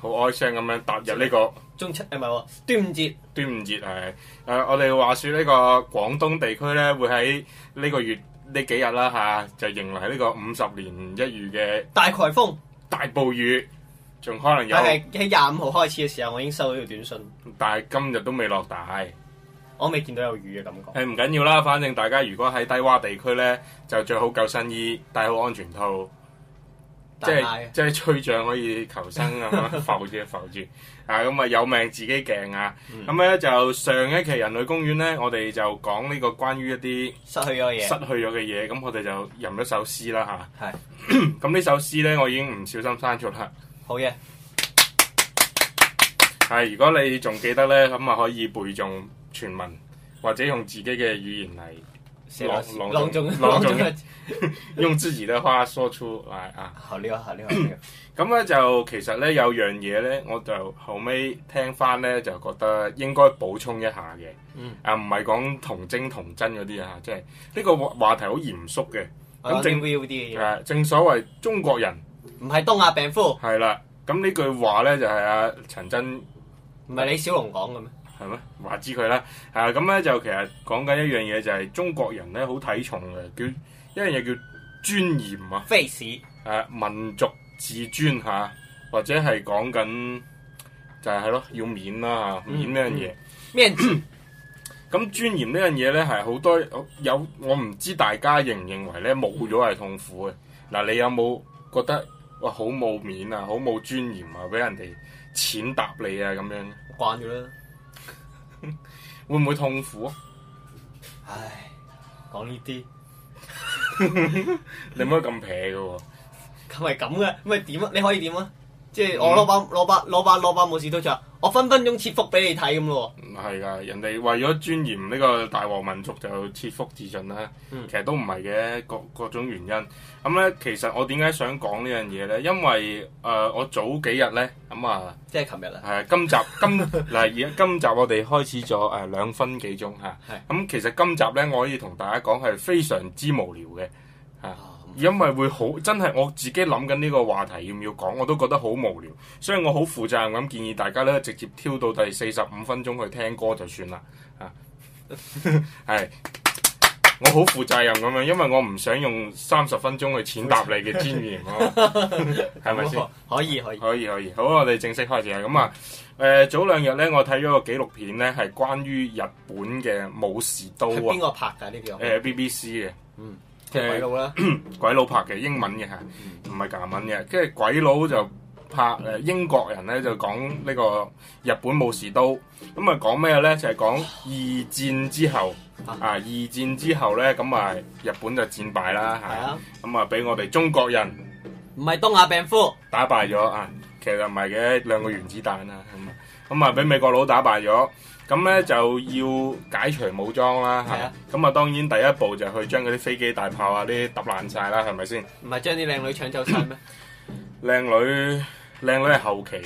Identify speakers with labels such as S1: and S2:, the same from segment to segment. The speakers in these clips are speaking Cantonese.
S1: 好哀傷咁樣踏入呢個
S2: 中秋，唔係端午節。
S1: 端午節係，我哋話說呢個廣東地區咧，會喺呢個月呢幾日啦嚇，就迎嚟呢個五十年一遇嘅大颱風、大暴雨，仲可能有。但係喺廿五號開始嘅時候，我已經收到條短信。但係今日都未落大，我未見到有雨嘅感覺。係唔緊要啦，反正大家如果喺低洼地區咧，就着好救生衣，戴好安全套。即係即係吹脹可以求生咁樣浮住浮住， 啊咁啊有命自己掟啊！咁咧、嗯、就上一期《人類公園》咧，我哋就講呢個關於一啲失去咗嘢，失去咗嘅嘢。咁我哋就吟咗首詩啦，吓是。係、啊。咁呢首詩咧，我已經唔小心刪咗啦。好嘢耶。係、啊，如果你仲記得咧，咁啊可以背誦全文，或者用自己嘅語言嚟。朗朗中，
S3: 朗
S1: 用自己的話說出嚟啊！好呢個，好呢個。咁咧就其實咧有樣嘢咧，我就後尾聽翻咧就覺得應該補充一下嘅。嗯、啊，唔係講童貞童真嗰啲啊，即係呢個話題好嚴肅嘅。咁正啲。係、嗯、正所謂中國人唔係東亞病夫。係啦。咁呢句話咧就係阿陳真，唔係李小龍講嘅咩？係咩？話知佢啦。啊，咁咧就其實講緊一樣嘢，就係中國人咧好睇重嘅叫一樣嘢叫尊嚴啊。face 誒是、啊，民族自尊吓、啊，或者係講緊就係係咯，要面啦吓，面呢樣嘢。
S2: 面 。
S1: 咁 尊嚴呢樣嘢咧係好多有我唔知大家認唔認為咧冇咗係痛苦嘅。嗱、嗯啊，你有冇覺得哇好冇面啊，好冇尊嚴啊，俾人哋踐踏你啊咁樣慣咗啦。 會唔會痛
S2: 苦啊？唉，講呢啲，你唔可以咁撇㗎喎。咁係咁嘅，咁係點啊？你可以點啊？即係我攞把攞、嗯、把攞把攞把冇事都着。我分分鐘切腹俾你睇咁咯喎，係噶，人哋為咗
S1: 尊嚴呢個大和民族就切腹自盡啦，嗯、其實都唔係嘅，各各種原因。咁、嗯、咧，其實我點解想講呢樣嘢咧？因為誒、呃，我早幾日咧，咁、嗯、啊，即係琴日啦，係今集今嗱而家今集我哋開始咗誒兩分幾鐘吓，咁、嗯嗯、其實今集咧我可以同大家講係非常之無聊嘅吓。嗯因為會好真係我自己諗緊呢個話題要唔要講，我都覺得好無聊，所以我好負責任咁建議大家咧直接挑到第四十五分鐘去聽歌就算啦。啊，係，我好負責任咁樣，因為我唔想用三十分鐘去踐踏你嘅尊嚴咯。係咪先？可以可以可以可以。好，我哋正式開始啦。咁啊，誒、呃、早兩日咧，我睇咗個紀錄片咧，係關於日本嘅武士刀啊。邊個
S2: 拍㗎呢個？誒、
S1: 呃、BBC 嘅。嗯。其實鬼佬啦， 鬼佬拍嘅，英文嘅係，唔係假文嘅。即係鬼佬就拍誒，英國人咧就講呢個日本武士刀。咁啊講咩咧？就係、是、講二戰之後，啊， 二戰之後咧，咁啊日本就戰敗啦，係咁 啊俾我哋中國人唔係東亞病夫打敗咗啊，其實唔係嘅，兩個原子彈啊，咁啊俾美國佬打敗咗。咁咧就要解除武裝啦，咁啊，啊當然第一步就去將嗰啲飛機大炮啊啲揼爛晒啦，係咪先？唔係將啲靚女搶走晒咩？靚 女靚女係後期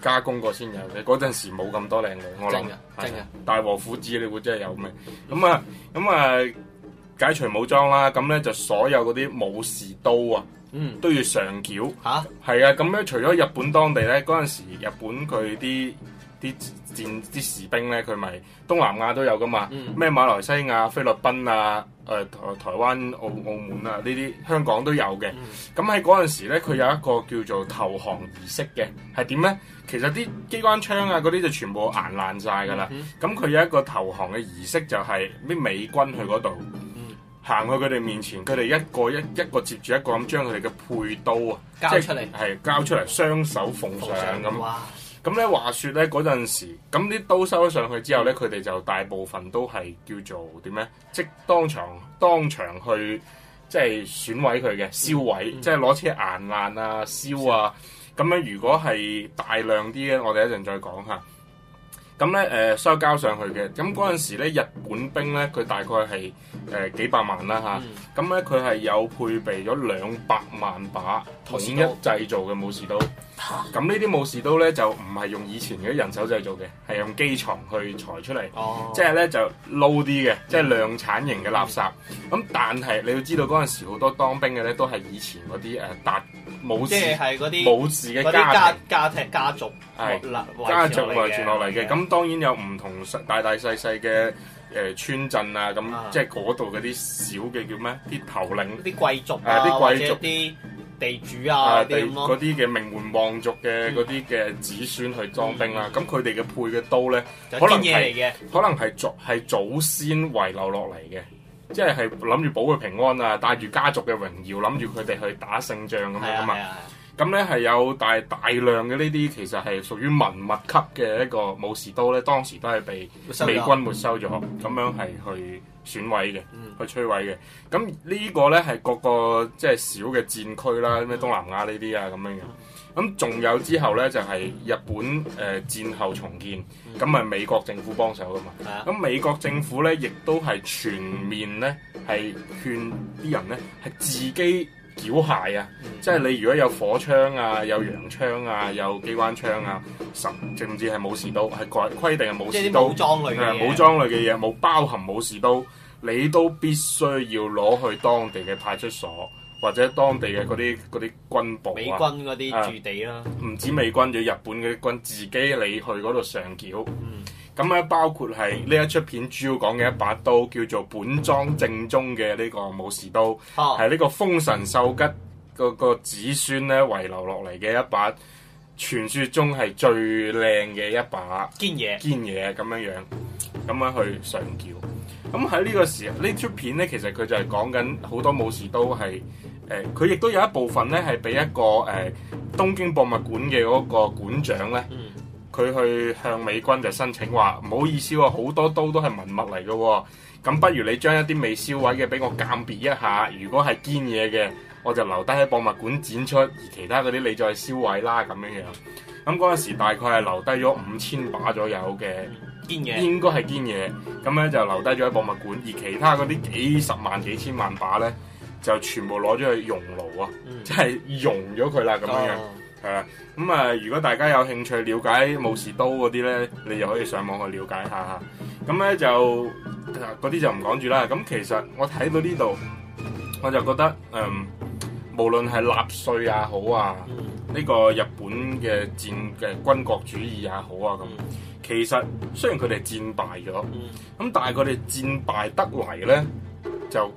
S1: 加工過先有嘅，嗰陣、嗯、時冇咁多靚女。我諗。正嘅，正嘅。大和夫子大和撫子你會真係有咩？咁啊咁啊解除武裝啦，咁咧就所有嗰啲武士刀啊，嗯，都要上繳。係啊，咁咧、啊、除咗日本當地咧，嗰陣時日本佢啲。啲戰啲士兵咧，佢咪東南亞都有噶嘛？咩、嗯、馬來西亞、菲律賓啊、呃、台灣、澳澳門啊，呢啲香港都有嘅。咁喺嗰陣時咧，佢有一個叫做投降儀式嘅，係點咧？其實啲機關槍啊，嗰啲就全部硬爛晒噶啦。咁佢、嗯、有一個投降嘅儀式，就係啲美軍去嗰度行去佢哋面前，佢哋一個一一個接住一個咁將佢哋嘅配刀啊交出嚟，係、就係、交出嚟，雙手奉上咁。樣咁咧話說咧嗰陣時，咁啲刀收咗上去之後咧，佢哋就大部分都係叫做點咧？即當場當場去即係損毀佢嘅，燒毀，嗯嗯、即係攞車硬爛啊，燒啊！咁樣如果係大量啲咧，我哋一陣再講下。咁咧誒，收交上去嘅，咁嗰陣時咧日本兵咧佢大概係誒、呃、幾百萬啦吓，咁咧佢係有配備咗兩百萬把統一製造嘅武士刀，咁呢啲武士刀咧就唔係用以前嗰啲人手製造嘅，係用機床去裁出嚟。哦、即係咧就 low 啲嘅，嗯、即係量產型嘅垃圾。咁、嗯、但係你要知道嗰陣時好多當兵嘅咧都係以前嗰啲誒達，武士武士嘅家
S2: 家踢家族，
S1: 係家，家，家，家族遺傳落嚟嘅咁。咁當然有唔同大大細細嘅誒村鎮啊，咁即係嗰度嗰啲小嘅叫咩？啲頭領，啲、啊啊、貴族、啊，誒啲貴族，啲地主啊，啲嗰啲嘅名門望族嘅嗰啲嘅子孫去裝兵啊。咁佢哋嘅配嘅刀咧，可能係族係祖先遺留落嚟嘅，即係係諗住保佢平安啊，帶住家族嘅榮耀，諗住佢哋去打勝仗咁、嗯、樣啊。麼咁咧係有大大量嘅呢啲，其實係屬於文物級嘅一個武士刀咧，當時都係被美軍沒收咗，咁樣係去損毀嘅，去摧毀嘅。咁呢個咧係各個即係小嘅戰區啦，咩東南亞呢啲啊咁樣樣。咁仲有之後咧就係、是、日本誒、呃、戰後重建，咁咪美國政府幫手噶嘛。咁美國政府咧亦都係全面咧係勸啲人咧係自己，繳械啊！即係你如果有火槍啊、有洋槍啊、有機關槍啊，什甚至係武士刀，係規規定係武士刀嘅，啊，武裝類嘅嘢，冇、嗯、包含武士刀，你都必須要攞去當地嘅派出所或者當地嘅嗰啲嗰啲軍部、啊、美軍嗰啲駐
S2: 地啦、啊。唔、啊、
S1: 止美軍，仲日本嗰啲軍自己，你去嗰度上繳。嗯咁啊，包括係呢一出片主要講嘅一把刀叫做本莊正宗嘅呢個武士刀，係呢、啊、個封神秀吉個、嗰個子孫咧遺留落嚟嘅一把，傳説中係最靚嘅一把堅嘢爺堅嘢咁樣樣，咁樣去上繳。咁喺呢個時候，嗯、這一呢出片咧其實佢就係講緊好多武士刀係誒，佢亦都有一部分咧係俾一個誒、呃、東京博物館嘅嗰個館長咧。嗯佢去向美軍就申請話：唔好意思喎、啊，好多刀都係文物嚟嘅、啊，咁不如你將一啲未銷毀嘅俾我鑑別一下。如果係堅嘢嘅，我就留低喺博物館展出；而其他嗰啲你再銷毀啦咁樣樣。咁嗰陣時大概係留低咗五千把左右嘅堅嘢，是應該係堅嘢。咁咧就留低咗喺博物館，而其他嗰啲幾十萬幾千萬把咧，就全部攞咗去熔爐啊，即係、嗯、熔咗佢啦咁樣樣。Oh. 係啦，咁啊，如果大家有興趣了解武士刀嗰啲咧，你就可以上網去了解一下嚇。咁咧就嗰啲就唔講住啦。咁其實我睇到呢度，我就覺得嗯，無論係納粹也好啊，呢、嗯、個日本嘅戰嘅軍國主義也好啊，咁其實雖然佢哋戰敗咗，咁、嗯、但係佢哋戰敗得嚟咧，就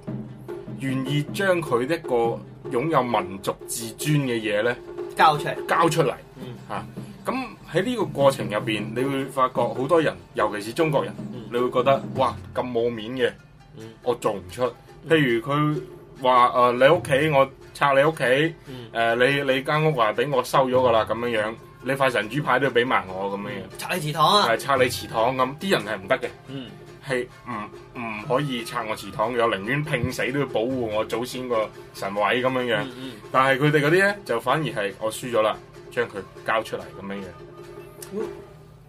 S1: 願意將佢一個擁有民族自尊嘅嘢咧。交出嚟，交出嚟，嗯，吓、啊，咁喺呢個過程入邊，你會發覺好多人，尤其是中國人，嗯、你會覺得哇咁冇面嘅，嗯、我做唔出。嗯、譬如佢話誒你屋企我拆你，嗯呃、你，你屋企，誒你你間屋話俾我收咗噶啦，咁樣樣，你塊神主牌都要俾埋我咁樣樣，拆你祠堂啊，係拆你祠堂咁，啲人係唔得嘅，嗯。係唔，唔可以拆我祠堂，我寧願拼死都要保護我祖先個神位咁樣樣。但係佢哋嗰啲咧，就反而係我輸咗啦，將佢交出嚟咁樣樣。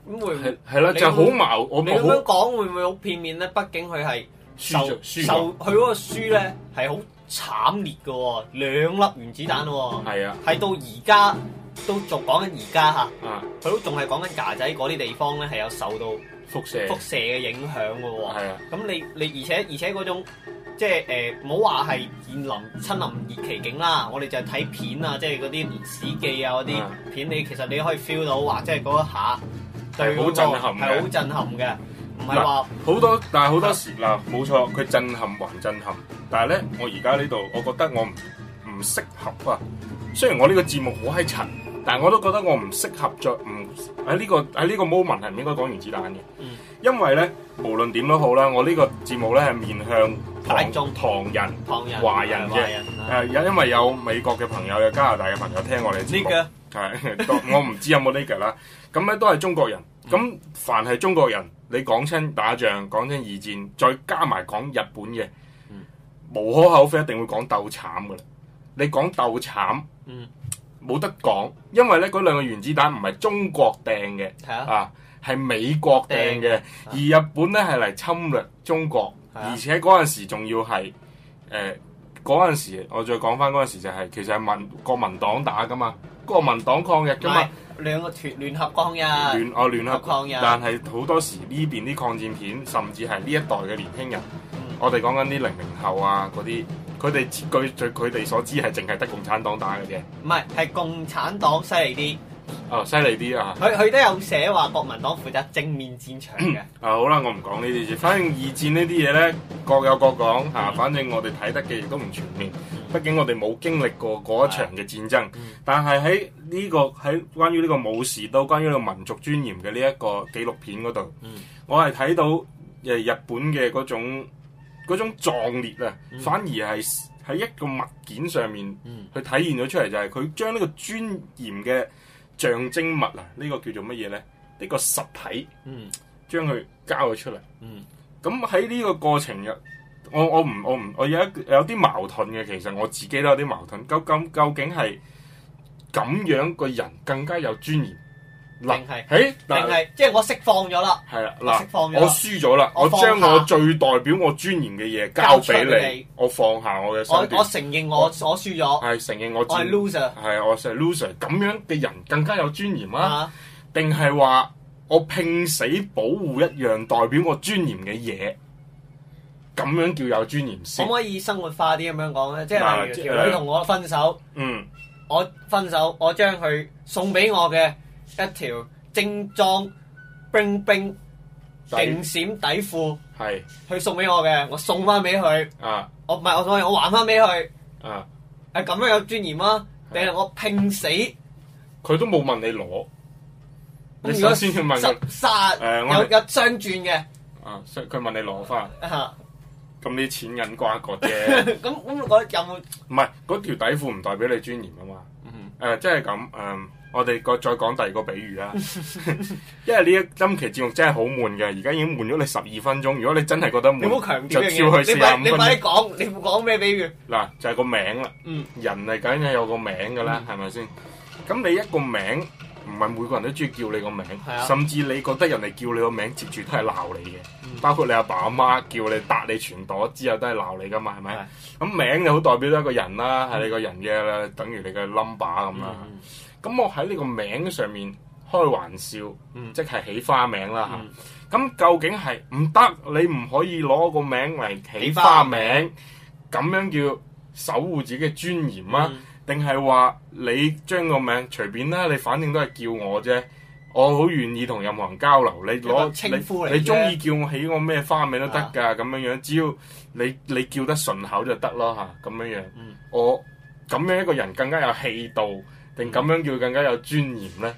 S2: 咁會唔係係咯，就好矛我。你咁樣講會唔會好片面咧？畢竟佢係受輸輸受佢嗰個輸咧，係好慘烈噶、哦，兩粒原子彈喎、哦。係啊的，係到而家。都仲講緊而家吓，佢都仲係講緊芽仔嗰啲地方咧，係有受到輻射輻射嘅影響噶喎。咁的你你而且而且嗰種即係誒，唔好話係見林親臨熱其境啦，我哋就係睇片啊，即係嗰啲史記啊嗰啲片，的你其實你可以 feel 到，話即係嗰一下係好震撼係好震撼嘅，唔係話
S1: 好多。但係好多時啦，冇錯的，佢震撼還震撼。但係咧，我而家呢度，我覺得我唔唔適合啊。雖然我呢個節目好閪陳。但我都覺得我唔適合，著唔喺呢個，喺呢個 moment 係唔應該講原子彈嘅。嗯、因為咧無論點都好啦，我個呢個節目咧係面向大眾唐人、唐人、華人嘅、啊呃，因為有美國嘅朋友、有加拿大嘅朋友聽我哋呢 我唔知有冇呢個啦。咁咧 都係中國人，咁、嗯、凡係中國人，你講親打仗、講親二戰，再加埋講日本嘅，嗯、無可厚非一定會講鬥慘噶啦。你講鬥慘。嗯冇得講，因為咧嗰兩個原子彈唔係中國掟嘅，是啊係美國掟嘅，而日本咧係嚟侵略中國，啊、而且嗰陣時仲要係誒嗰陣時，我再講翻嗰陣時就係、是、其實係民國民黨打㗎嘛，國民黨抗日㗎嘛，
S2: 兩個團聯合抗日、啊，聯聯、哦、合抗日，合但
S1: 係好多時呢邊啲抗戰片，甚至係呢一代嘅年輕人，嗯、我哋講緊啲零零後啊嗰啲。那些佢哋據佢哋所知係
S2: 淨係得共產黨打嘅啫，唔係係共產黨犀利啲，哦犀利啲啊！佢佢都有寫話國民黨負責正面戰場嘅。 啊好啦，我唔講呢啲
S1: 先，反正二戰呢啲嘢咧各有各講、啊嗯、反正我哋睇得嘅亦都唔全面，畢竟我哋冇經歷過嗰一場嘅戰爭。嗯、但係喺呢個喺關於呢個武士刀關於呢個民族尊嚴嘅呢一個紀錄片嗰度，嗯、我係睇到日本嘅嗰種。嗰種壯烈啊，反而係喺一個物件上面去體現咗出嚟，就係佢將呢個尊嚴嘅象徵物啊，呢個叫做乜嘢咧？呢個實體將佢交咗出嚟。咁喺呢個過程入，我我唔我唔我有，有一有啲矛盾嘅。其實我自己都有啲矛盾。究竟究竟係咁樣個人更加有尊嚴？嗱，
S2: 定係，定係，即係我釋放咗啦，
S1: 係啦，嗱，我輸咗啦，我將我最代表我尊嚴嘅嘢，交俾你，我放下我嘅，我我
S2: 承認我所輸咗，
S1: 係承認我，係 loser，係我係 loser，咁樣嘅人更加有尊嚴啊？定係話我拼死保護一樣代表我尊嚴嘅嘢，咁樣叫有尊嚴先？可唔可以
S2: 生活化啲咁樣講咧？即係例如，你同我分手，嗯，我分手，我將佢送俾我嘅。一條精裝冰冰定閃底褲，係佢送俾我嘅，我送翻俾佢。啊，我唔係我送，我還翻俾佢。啊，係咁樣有尊嚴啊？定係我拼死？佢、啊、都冇問你攞。
S1: 你而家先去問十，有有雙鑽嘅。啊，佢問你攞翻。吓、啊，咁啲錢銀瓜葛啫。
S2: 咁咁， 我有冇。
S1: 唔係，嗰條底褲唔代表你尊嚴噶嘛。誒、嗯哼，即係咁，誒、就是。嗯我哋再講第二個比喻啦，因為呢一今期節目真係好悶嘅，而家已經悶咗你十二分鐘。如果你真係覺得悶，就跳去四十五。你唔係你唔係講，你唔講咩比喻？嗱、啊，就係、是、個名啦。人係梗係有個名㗎啦，係咪先？咁你一個名，唔係每個人都中意叫你個名，甚至你覺得人哋叫你個名接住都係鬧你嘅，包括你阿爸阿媽叫你答你全朵之後都係鬧你噶嘛，係咪？咁名就好代表一個人啦，係你個人嘅，等於你嘅 number 咁啦。嗯嗯。咁我喺呢個名上面開玩笑，嗯、即係起花名啦嚇。咁究竟係唔得？你唔可以攞個名嚟起花名，咁樣叫守護自己嘅尊嚴啊？定係話你將個名隨便啦，你反正都係叫我啫。我好願意同任何人交流。你攞你中意叫我起個咩花名都得㗎。咁樣、啊、樣，只要你你叫得順口就得咯嚇。咁樣樣，嗯、我咁樣一個人更加有氣度。定咁樣叫更加有尊嚴咧，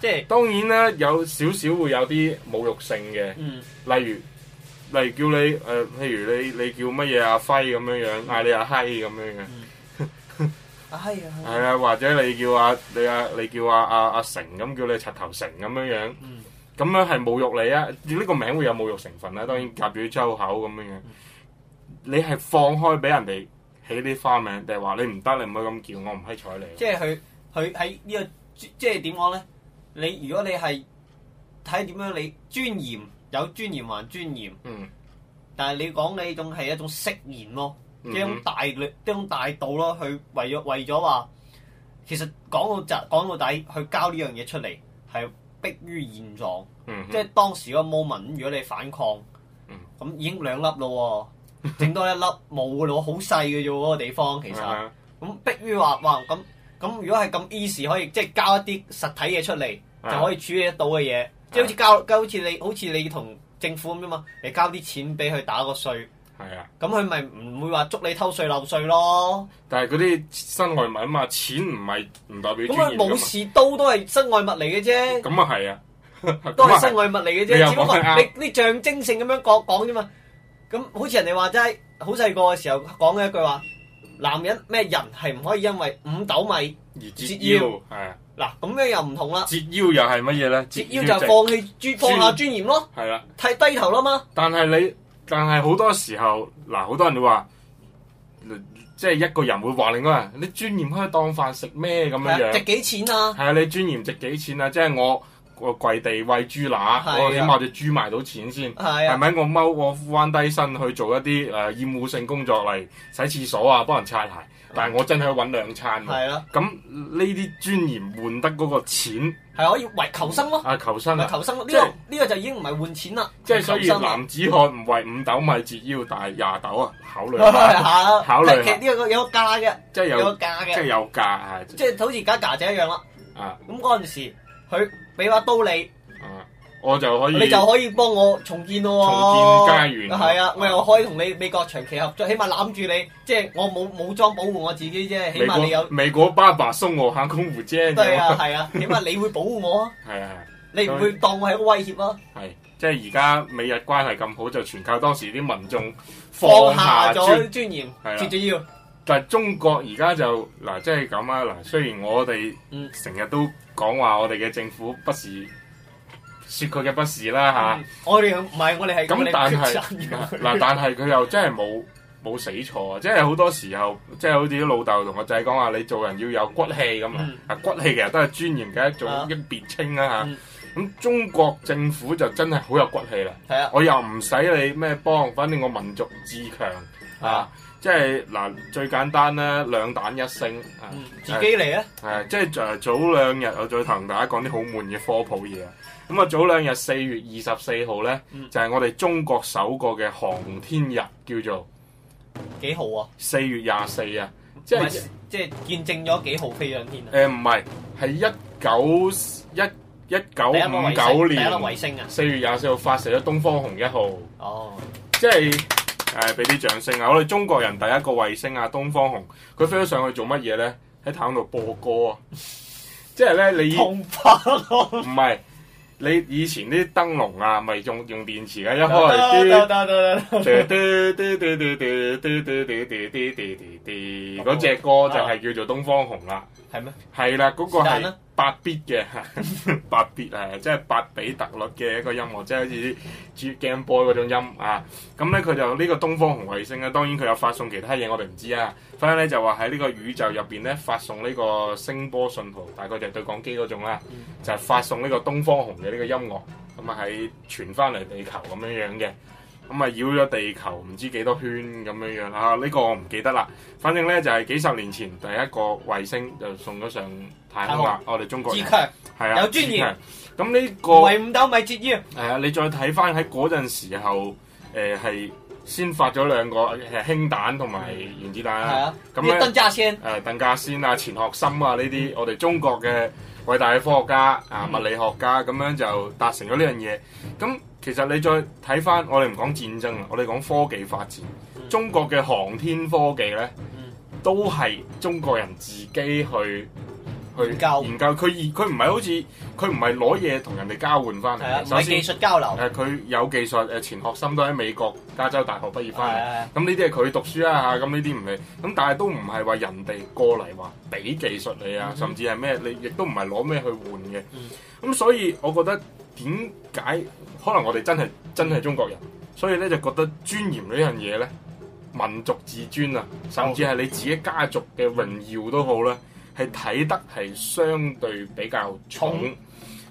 S1: 即係當然啦，有少少會有啲侮辱性嘅，嗯、例如例如叫你誒，譬、呃、如你你叫乜嘢阿輝咁樣樣，嗌你阿閪咁樣嘅，
S3: 阿閪啊，啊，
S1: 啊，啊，或者你叫阿你阿你叫阿阿阿成咁叫你柒頭成咁樣樣，咁、嗯、樣係侮辱你啊！呢個名會有侮辱成分啦，當然夾住周口咁樣樣，嗯、你係放開俾人哋起啲花名，定係話你唔得，你唔可以咁叫我唔可以睬你。即係
S2: 佢。佢喺、這個、呢個即係點講咧？你如果你係睇點樣，你尊嚴有尊嚴還尊嚴。嗯。但係你講你仲係一種飾言咯，即咁、嗯嗯、大力啲種大道咯，去為咗為咗話，其實講到就講到底，去交呢樣嘢出嚟係迫於現狀。嗯嗯即係當時嗰個 moment，如果你反抗，咁、嗯嗯、已經兩粒咯，整多一粒冇噶咯，好 細嘅啫喎，嗰、那個地方其實，咁、嗯嗯、迫於話話咁。哇咁如果係咁 easy 可以即係、就是、交一啲實體嘢出嚟，就可以處理得到嘅嘢，即係、啊、好似交，啊、好似你好似你同政府咁嘛，你交啲錢俾佢打個稅。係啊，咁佢咪唔會話捉你偷稅漏稅咯？但係嗰啲身外物啊嘛，錢唔係唔代表。咁冇事，刀都係身外物嚟嘅啫。咁啊係啊，都係身外物嚟嘅啫，只不過你啲象徵性咁樣講講啫嘛。咁好似人哋話齋，好細個嘅時候講嘅一句話。男人咩人係唔可以因為五斗米而折腰？係啊，嗱咁樣又唔同啦。折腰又係乜嘢咧？折腰就放棄尊放下尊嚴咯。係啦的，太低頭啦嘛。但係你，但
S1: 係好多時候，嗱，好多人都話，即係一個人會話另外你尊嚴可以當飯食咩咁樣？值幾錢啊？係啊，你尊嚴值幾錢啊？即係我。我跪地喂豬乸，我起碼隻豬賣到錢先，係咪我踎我彎低身去做一啲誒厭惡性工作嚟洗廁所啊？幫人擦鞋，但係我真係揾兩餐。係啊，咁呢啲尊嚴換得嗰個錢係可以為求生咯。啊，求生啊，求生咯！即係
S2: 呢個就已經唔係換錢啦。即係所以男子漢
S1: 唔為五斗米折腰，但係廿斗啊，考慮下咯，考慮下。其實
S2: 呢個有個價嘅，即係有個價嘅，即係有
S1: 價係。即係
S2: 好似而家家姐一樣啦。啊，咁嗰陣時佢。俾把刀你，我就可以，你就可以幫我重建咯，重建家園。係啊，我又可以同你美國長期合作，起碼攬住你，即係我冇武裝保護我自己啫，起碼你有
S1: 美國爸爸送我下空護啫！對啊，係啊，起碼你
S2: 會保護我啊。係啊
S1: 係。
S2: 你唔會當我係一個威脅咯。
S1: 係，即係而家美日關係咁好，就全靠當時啲民眾放下咗尊嚴，係啊，最主要。但係中國而家就嗱，即係咁啊，嗱，雖然我哋成日都。講話我哋嘅政府不是說佢嘅不、嗯啊、不是啦吓，
S2: 我哋唔係我哋係咁，但係是嗱， 但
S1: 係佢又真係冇冇死錯啊！即係好多時候，即、就、係、是、好似啲老豆同個仔講話，你做人要有骨氣咁、嗯、啊！骨氣其實都係尊嚴嘅一種一別稱啦吓。咁、嗯嗯、中國政府就真係好有骨氣啦，啊、我又唔使你咩幫，反正我民族自強啊！啊即係嗱，最簡單咧，兩彈一星，嗯，自己嚟咧，係即係早兩日我再同大家講啲好悶嘅科普嘢啊！咁啊，早兩日四月二十四號咧，就係我哋中國首個嘅航天日，叫做幾號啊？四月廿四啊，即係即係
S2: 見證咗幾號飛上
S1: 天啊？誒唔係，係一九一一九五九年四月廿四號發射咗東方紅一號，哦，即係。誒，俾啲掌聲啊！我哋中國人第一個衛星啊，東方紅，佢飛咗上去做乜嘢咧？喺太空度播歌啊！即係咧，你唔係你以前啲燈籠啊，咪用用電池嘅，一開嚟嘟嘟嘟嘟嘟嘟。嗰隻歌就係叫做《東方紅》啦，啊，係咩？係啦，嗰個係八必嘅，八必，即係八比特率嘅一個音樂，即係好似 Game Boy 嗰種音啊。咁咧佢就呢個《東方紅》衛星啊，當然佢有發送其他嘢，我哋唔知啊。反正咧就話喺呢個宇宙入邊咧發送呢個聲波信號，大概就係對講機嗰種啦，就係發送呢個《東方紅》嘅呢個音樂，咁啊喺傳翻嚟地球咁樣樣嘅。咁啊繞咗地球唔知幾多圈咁樣樣啊呢、這個我唔記得啦，反正咧就係、是、幾十年前第一個衛星就送咗上太空啦，空我哋中國係格啊，有尊嚴咁呢、這個為五斗米折腰。係啊，你再睇翻喺嗰陣時候，誒、呃、係先發咗兩個氫彈同埋原子彈。係啊，咁咧鄧稼先架，誒鄧稼先啊錢學森啊呢啲、嗯、我哋中國嘅偉大嘅科學家啊物理學家，咁、嗯、樣就達成咗呢樣嘢，咁。其實你再睇翻，我哋唔講戰爭啊，我哋講科技發展。中國嘅航天科技咧，嗯、都係中國人自己去去研究，研究，佢佢唔係好似佢唔係攞嘢同人哋交換翻嚟，係啊、嗯，攞先技術交流。誒、呃，佢有技術誒，錢、呃、學森都喺美國加州大學畢業翻嚟，咁呢啲係佢讀書啊吓，咁呢啲唔係。咁但係都唔係話人哋過嚟話俾技術你啊，嗯、甚至係咩，你亦都唔係攞咩去換嘅。咁、嗯、所以我覺得點解？可能我哋真係真係中國人，所以咧就覺得尊嚴這件事呢樣嘢咧，民族自尊啊，甚至係你自己家族嘅榮耀都好啦，係睇、嗯、得係相對比較重，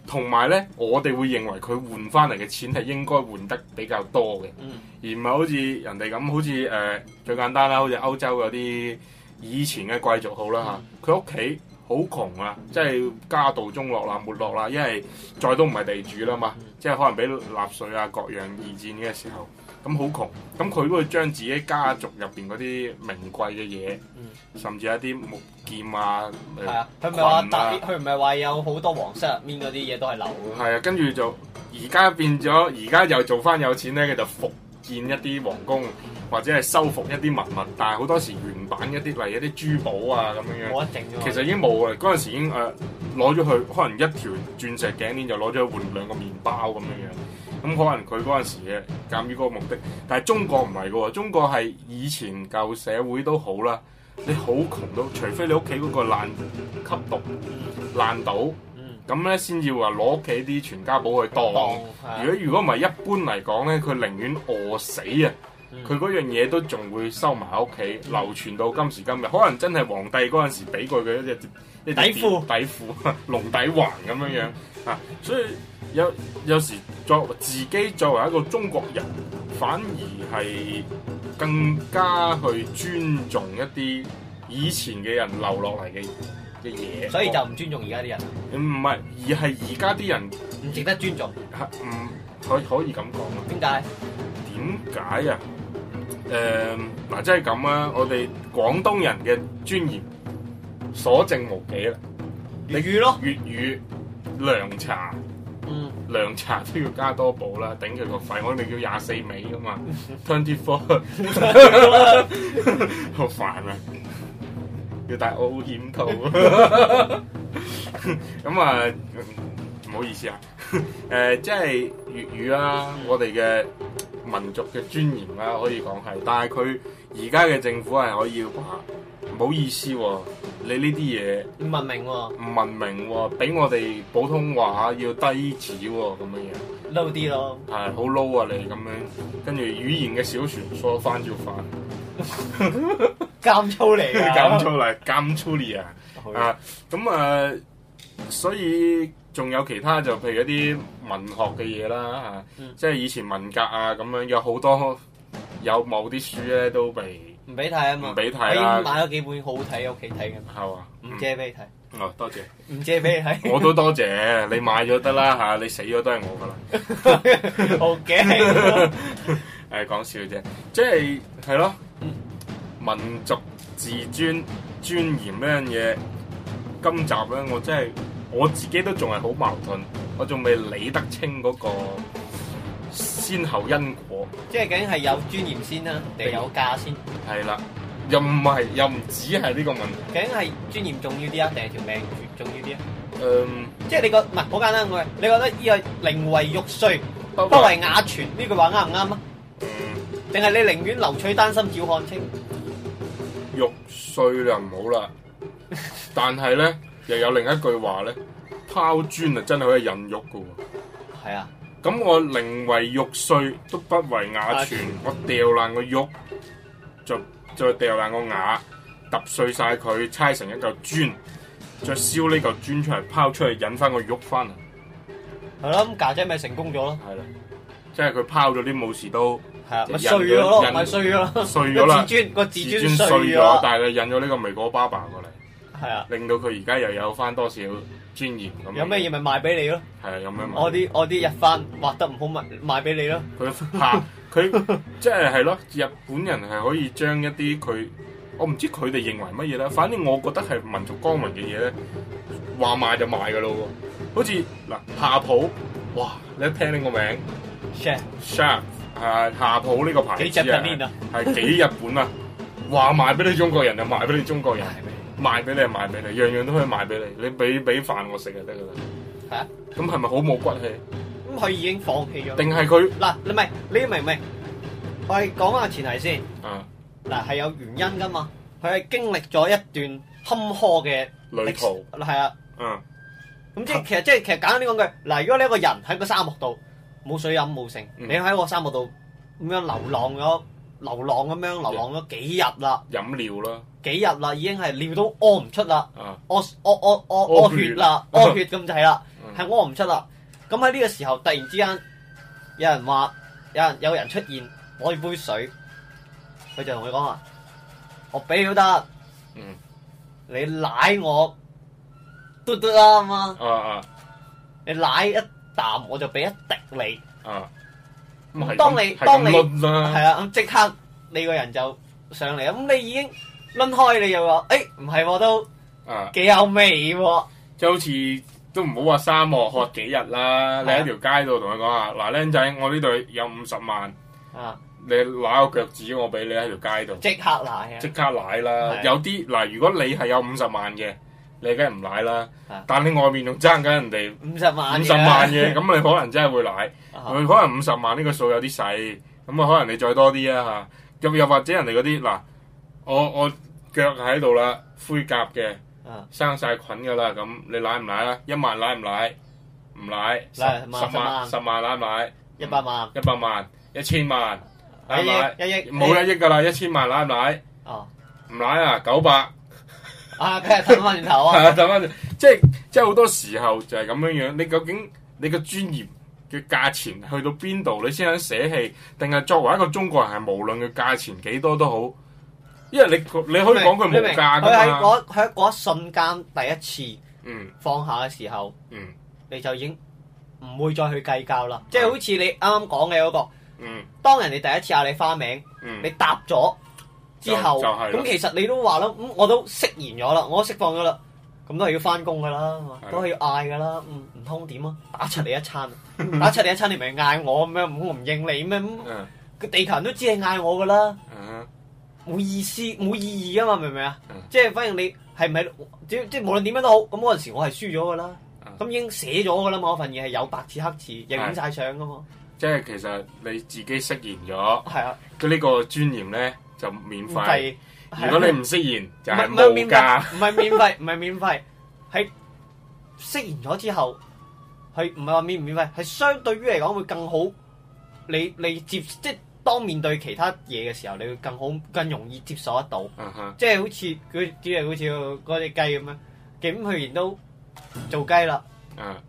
S1: 同埋咧我哋會認為佢換翻嚟嘅錢係應該換得比較多嘅，嗯、而唔係好似人哋咁，好似誒、呃、最簡單啦，好似歐洲嗰啲以前嘅貴族好啦嚇，佢屋企。嗯好窮啊，即係家道中落啦，沒落啦，因為再都唔係地主啦嘛，嗯、即係可能俾納粹啊，各樣二戰嘅時候，咁好窮，咁佢都會將自己家族入邊嗰啲名貴嘅嘢，
S2: 嗯、
S1: 甚至一啲木劍啊，係啊，佢唔係話帶，佢唔係話有好多皇室入面嗰啲嘢都係留，係啊，跟住、啊、就而家變咗，而家又做返有錢咧，佢就服。建一啲皇宮，或者係修復一啲文物，但係好多時原版一啲，例如一啲珠寶啊咁樣，其實已經冇啦，嗰陣時已經呃、攞咗去，可能一條鑽石頸鏈就攞咗去換兩個麵包咁樣樣。咁可能佢嗰陣時嘅鑒於嗰個目的，但係中國唔係噶喎，中國係以前舊社會都好啦，你好窮到，除非你屋企嗰個爛吸毒爛到。咁咧，先至話攞屋企啲全家寶去當。如果如果唔係，一般嚟講咧，佢寧願餓死啊！佢嗰樣嘢都仲會收埋喺屋企，流傳到今時今日。可能真係皇帝嗰陣時俾過佢一隻底褲、底褲、龍底環咁樣樣啊！所以有有時作自己作為一個中國人，反而係更加去尊重一啲以前嘅人留落嚟嘅。所以就唔尊重現在的不而家啲人？唔唔係，而係而家啲人
S2: 唔值得尊重。唔可、嗯、可以咁講何啊？點解？點解
S1: 啊？誒嗱，即係咁啦，我哋廣東人嘅尊嚴所剩無幾啦。粵語咯，粵語月涼茶，嗯，涼茶都要加多寶啦，頂佢個肺，我哋叫廿四味噶嘛，twenty four，好煩啊！要戴保險套， 咁啊唔好意思啊，誒、呃、即係粵語啦、啊，嗯、我哋嘅民族嘅尊嚴啦、啊，可以講係，但係佢而家嘅政府係可以話唔好意思喎、哦，你呢啲嘢唔文明喎、哦，唔文明喎、哦哦，比我哋普通話要低止、哦、子喎，咁樣樣 low 啲咯，係好、啊、low 啊你咁樣，跟住語言嘅小傳說翻就翻。
S4: 監粗嚟
S1: 噶，監操嚟，監粗嚟啊！啊，咁啊，所以仲有其他就譬如一啲文學嘅嘢啦，啊，即係以前文革啊咁樣，有好多有某啲書咧都被唔俾睇啊嘛，唔俾睇買咗
S2: 幾本好睇屋企睇嘅，係啊，
S1: 唔借俾你睇，哦，多謝，唔借俾你睇，我都多謝，你買咗得啦吓，你死咗都係我噶啦，好嘅，誒，講笑啫，即係係咯。民族自尊尊嚴呢樣嘢，今集咧我真係我自己都仲係好矛盾，我仲未理得清嗰個先後因果。即係究竟係有尊嚴
S2: 先啦，定有價先？係啦，又唔係又唔只係呢個問題。究竟係尊嚴重要啲啊，定係條命重要啲啊？誒，即係你個唔係好簡單嘅，你覺得呢個寧為玉碎，不為瓦全呢句話啱唔啱啊？定係你寧願留取丹心照汗青？
S1: 玉碎就唔好啦， 但係咧又有另一句話咧，拋磚啊真係可以引玉噶喎。係啊，咁我寧為玉碎，都不為瓦全。全我掉爛個玉，就再掉爛個瓦，揼碎晒佢，拆成一嚿磚，再燒呢嚿磚出嚟拋出去引翻個玉翻嚟。
S2: 係咯、啊，咁家姐咪成功咗咯。係啦、
S1: 啊，即係佢拋咗啲武士刀。係咪碎咗？咪碎咗咯！碎咗啦！個自尊碎咗，但係佢引咗呢個美國爸爸過嚟，係
S2: 啊，令到佢而家又有翻多少尊嚴咁。有咩嘢咪賣俾你咯？係啊，有咩賣？我啲我啲日翻畫得唔好咪賣俾你咯。佢下佢即係係
S1: 咯，日本人係可以將一啲佢我唔知佢哋認為乜嘢啦，反正我覺得係民族光榮嘅嘢咧，話賣就賣噶咯喎。好似嗱，夏普，哇！你一聽呢個名，Sharp Sharp。係夏普呢個牌子啊，
S3: 係幾日
S1: 本啊，話賣俾你中國人就賣俾你中國人，賣俾你就賣俾你，樣樣都可以賣俾你，你俾俾飯我食就得噶啦。係啊，咁係咪好冇骨
S2: 氣？咁佢已經放棄咗。定係佢嗱，你係你明唔明？我係講下前提先。嗯。嗱，係有原因噶嘛？佢係經歷咗一段坎坷嘅旅途。係啊。嗯。咁即係其實即係其實簡單啲講句，嗱，如果你一個人喺個沙漠度。冇水飲冇剩，嗯、你喺個沙漠度咁樣流浪咗，嗯、流浪咁樣流浪咗幾日啦。飲尿咯，幾日啦，已經係尿都屙唔出啦，屙屙屙屙屙血啦，屙血咁滯啦，係屙唔出啦。咁喺呢個時候突然之間有人話，有人有人出現攞住杯水，佢就同佢講話，我俾你得，你舐我嘟嘟啦，咁啊，你舐一啖我就俾一滴。
S3: 你，啊，咁當你當你係啊，
S2: 即刻你個人就上嚟，咁你已經拎開你又話，誒、哎，唔係喎，都啊，幾有味喎。即係好似都唔好話沙漠渴幾日啦。
S1: 你喺條街度同佢講啊，嗱，僆仔，我呢度有五十萬，啊，你攞個腳趾我，我俾你喺條街度。即、啊、刻攋，即刻攋啦。有啲嗱，如果你係有五十萬嘅。你梗係唔舐啦，但你外面仲爭緊人哋五十萬嘅，五十萬嘅，咁你可能真係會舐，可能五十萬呢個數有啲細，咁啊可能你再多啲啊吓，又又或者人哋嗰啲嗱，我我腳喺度啦，灰甲嘅，生曬菌噶啦，咁你舐唔舐啊？一萬舐唔舐？唔舐。十萬十萬十萬舐唔舐？一百萬一百萬一千萬舐唔舐？冇一億㗎啦，一千萬舐唔舐？唔舐啊，九百。
S2: 啊！梗係，等翻轉頭啊！係 啊，
S1: 等翻，即係即係好多時候就係咁樣樣。你究竟你個尊嚴嘅價錢去到邊度，你先肯捨棄？定係作為一個中國人，係無論佢價錢幾多都好。因為你你可以講佢無價，佢喺嗰
S2: 喺一瞬間，第一次嗯放下嘅時候，嗯，嗯你就已經唔會再去計較啦。即係好似你啱啱講嘅嗰個，嗯，當人哋第一次嗌你花名，嗯、你答咗。之後，咁其實你都話啦，咁我都釋然咗啦，我都釋放咗啦，咁都係要翻工噶啦，都係要嗌噶啦，唔唔通點啊？打出嚟一餐，打出嚟一餐，你咪嗌我咁樣，我唔應你咩？個地球人都知你嗌我噶啦，冇意思冇意義噶嘛，明唔明啊？即係反正你係唔係即即無論點樣都好，咁嗰陣時我係輸咗噶啦，咁已經寫咗噶啦嘛，份嘢係有白字黑字影晒相噶嘛。即係其實你自己釋然咗，啊。佢呢個
S1: 尊嚴咧。就免費，
S2: 如果你唔適
S1: 應就係冇價。
S2: 唔係免費，唔係免費，喺適應咗之後，係唔係話免唔免費？係相對於嚟講會更好，你你接即係當面對其他嘢嘅時候，你會更好，更容易接受得到。嗯哼，即係好似佢只係好似嗰隻雞咁樣，點去完都做雞啦。嗯。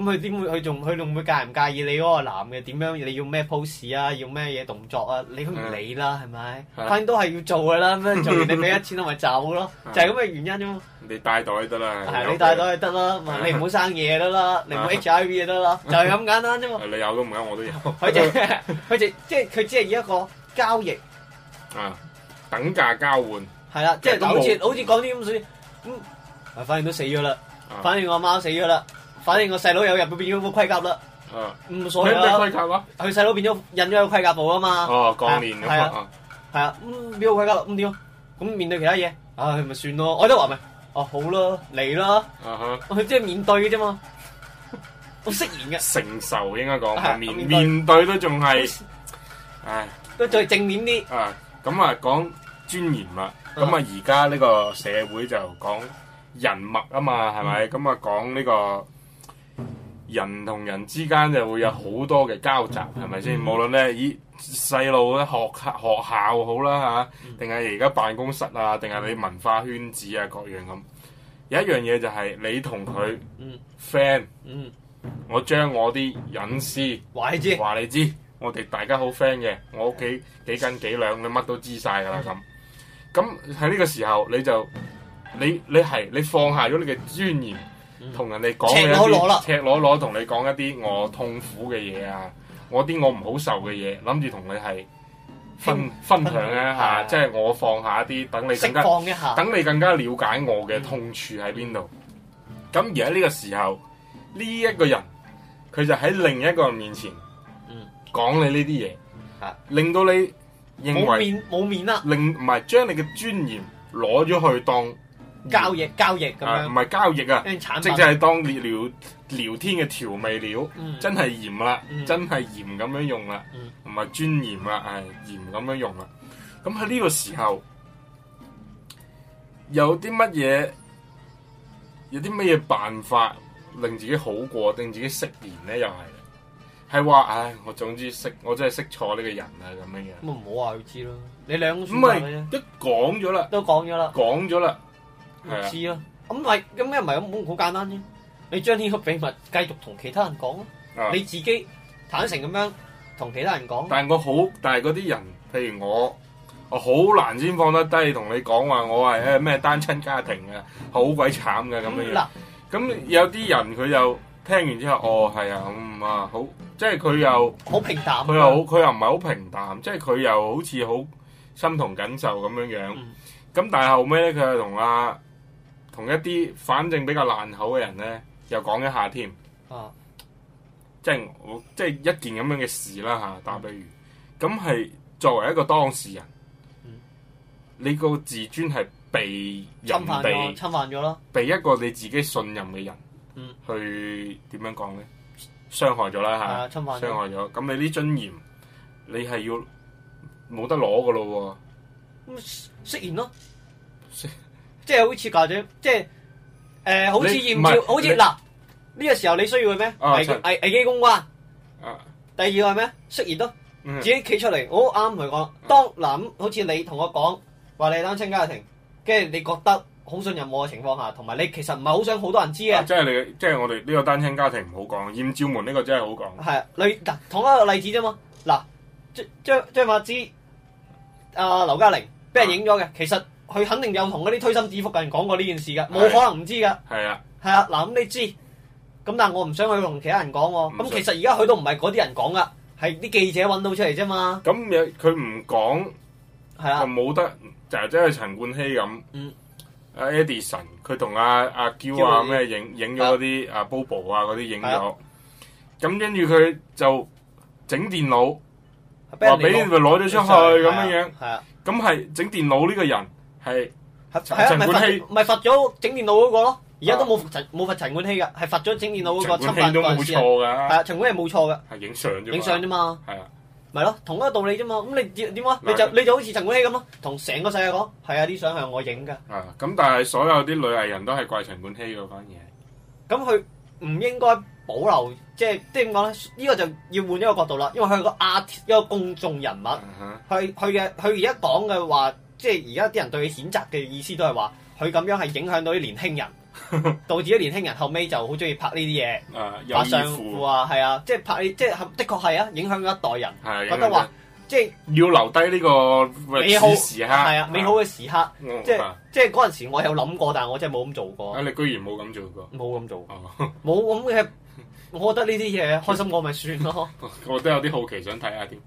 S2: 咁佢點會？佢仲佢仲會介唔介意你嗰個男嘅點樣？你要咩 pose 啊？要咩嘢動作啊？你都唔理啦，係咪？反正都係要做噶啦，做完你俾一千，我咪走咯。就係咁嘅原因啫嘛。你帶袋得啦。係你帶袋就得啦，咪你唔好生嘢得啦，你唔好 HIV 啊，得啦，就係咁簡單啫嘛。你
S1: 有都唔緊，我都有。佢
S2: 就佢就即係佢只係以一個交易啊，等價交換。係啦，即係好似好似講啲咁水，嗯，反正都死咗啦，反正個貓死咗啦。反正個細佬有入到變咗個盔甲啦，唔，所以啦，佢細佬變咗印咗個盔甲布啊嘛，係啊，係啊，唔變好盔甲啦，咁點？咁面對其他嘢，唉，咪算咯。我都話咪，哦好啦，嚟啦，
S3: 佢
S2: 即係面對嘅啫嘛，我識演嘅。承受應該講，面面對都仲係，唉，都再正面啲。
S1: 啊，咁啊講尊嚴嘛，咁啊而家呢個社會就講人脈啊嘛，係咪？咁啊講呢個。人同人之間就會有好多嘅交集，係咪先？ 無論咧，咦細路咧學，學校好啦嚇，定係而家辦公室啊，定係、嗯、你文化圈子啊各樣咁。有一樣嘢就係你同佢 friend，我將我啲隱私話你知，話你知。我哋大家好 friend 嘅，我屋企幾斤幾兩，你乜都知晒㗎啦咁。咁喺呢個時候你就你你係你放下咗你嘅尊嚴。同人哋講一啲赤裸裸，同你講一啲我痛苦嘅嘢啊，我啲我唔好受嘅嘢，諗住同你係分分享一下，即係我放下一啲，等你更加，等你更加了解我嘅痛處喺邊度。咁而家呢個時候，呢一個人佢就喺另一個人面前，講你呢啲嘢，令到你認為冇面啦，令唔係將你嘅尊嚴攞咗去當，交易交易咁樣，唔係、啊、交易啊，即係當你聊聊天嘅調味料，嗯、真係鹽啦，嗯、真係鹽咁樣用啦，唔係尊嚴啦，係鹽咁樣用啦。咁喺呢個時候有啲乜嘢，有啲乜嘢辦法令自己好過，定自己釋然咧？又係，係話唉，我總之識，我真係識錯呢個人啊，咁樣樣。咁啊，唔
S2: 好話佢知咯，你兩唔係都講咗啦，都講咗啦，講咗啦。是啊，唔知啊，咁咪咁咩唔係咁好簡單啫？你將呢個秘密繼續同其他人講啊，你自己坦誠咁樣同其他人講。但係我好，
S1: 但係嗰啲人，譬如我，我好難先放得低，同你講話，我係咩單親家庭嘅，好鬼慘嘅咁嘅嘢。咁、嗯啊、有啲人佢又聽完之後，哦，係啊，嗯啊好，即係佢又好、嗯、平淡，佢又好，佢又唔係好平淡，即係佢又好似好心同緊受咁樣樣。咁、嗯、但係後尾，咧、啊，佢又同阿。同一啲反正比較爛口嘅人咧，又講一下添。啊！即係我即係一件咁樣嘅事啦嚇，打比如咁係作為一個當事人，嗯、你個自尊係被人侵犯侵犯咗咯，被一個你自己信任嘅人，嗯、去點樣講咧？傷害咗啦嚇，侵犯，傷害咗。咁、嗯、你啲尊嚴，你係要冇得攞噶咯喎？咁
S2: 釋然咯。即係好似或者，即係誒、呃，好似艷照，好似嗱呢個時候你需要佢咩？啊、危危機危機公關。啊、第二個係咩？適宜咯，嗯、自己企出嚟，我啱同佢講。嗯、當諗，好似你同我講，話你係單親家庭，跟住你覺得好信任我嘅情況下，同埋你其實唔係好想好多人知嘅、啊。即係你，即係我哋呢個單親家庭唔好講，艷照門呢個真係好講。係，你嗱同一個例子啫嘛。嗱、啊，張張張柏芝、阿、啊、劉嘉玲俾人影咗嘅，啊、其實。佢肯定有同嗰啲推心置腹嘅人講過呢件事噶，冇可能唔知噶。係啊，係啊，嗱咁你知，咁但係我唔想去同其他人講喎。咁其實而家佢都唔係嗰啲人講噶，係啲記者揾到出嚟啫嘛。咁佢唔講，係啊，冇得，就即係陳冠希咁。嗯，阿 Edison 佢
S1: 同阿阿嬌啊咩影影咗嗰啲 Bobo 啊嗰啲影咗，咁跟住佢就整電腦，話俾佢攞咗出去咁樣樣，
S2: 咁係整電腦呢個人。係，係啊，咪罰咪罰咗整電腦嗰個咯，而家都冇罰陳冇罰陳冠希噶，係罰咗整電腦嗰個侵犯嘅事。係啊，陳冠希係冇錯噶。係影相啫，影相啫嘛。係啊，咪咯，同一個道理啫嘛。咁你點點啊？你就你就好似陳冠希咁咯，同成個世界講，係啊，啲相係我影噶。係啊，
S1: 咁但係所有啲女藝人，都係怪陳冠希嗰番嘢。
S2: 咁佢唔應該保留，即係即係點講咧？呢個就要換一個角度啦。因為佢係個亞一個公眾人物，佢佢嘅佢而家講嘅話。即係而家啲人對佢譴責嘅意思都係話佢咁樣係影響到啲年輕人，導致啲年輕人後尾就好中 意拍呢啲嘢，啊有，相啊，係啊，即、就、係、是、拍，即、就、係、是、的確係啊，影響一代人，啊、覺得話即係要留低呢、這個美好時刻，啊，啊，美好嘅時刻，啊、即係、啊、即嗰陣時我有諗過，但我真係冇咁做過。你居然冇咁做過，冇咁做，冇咁嘅。 我覺得呢啲嘢，開
S1: 心過就算 我咪算咯。我都有啲好奇想睇下點。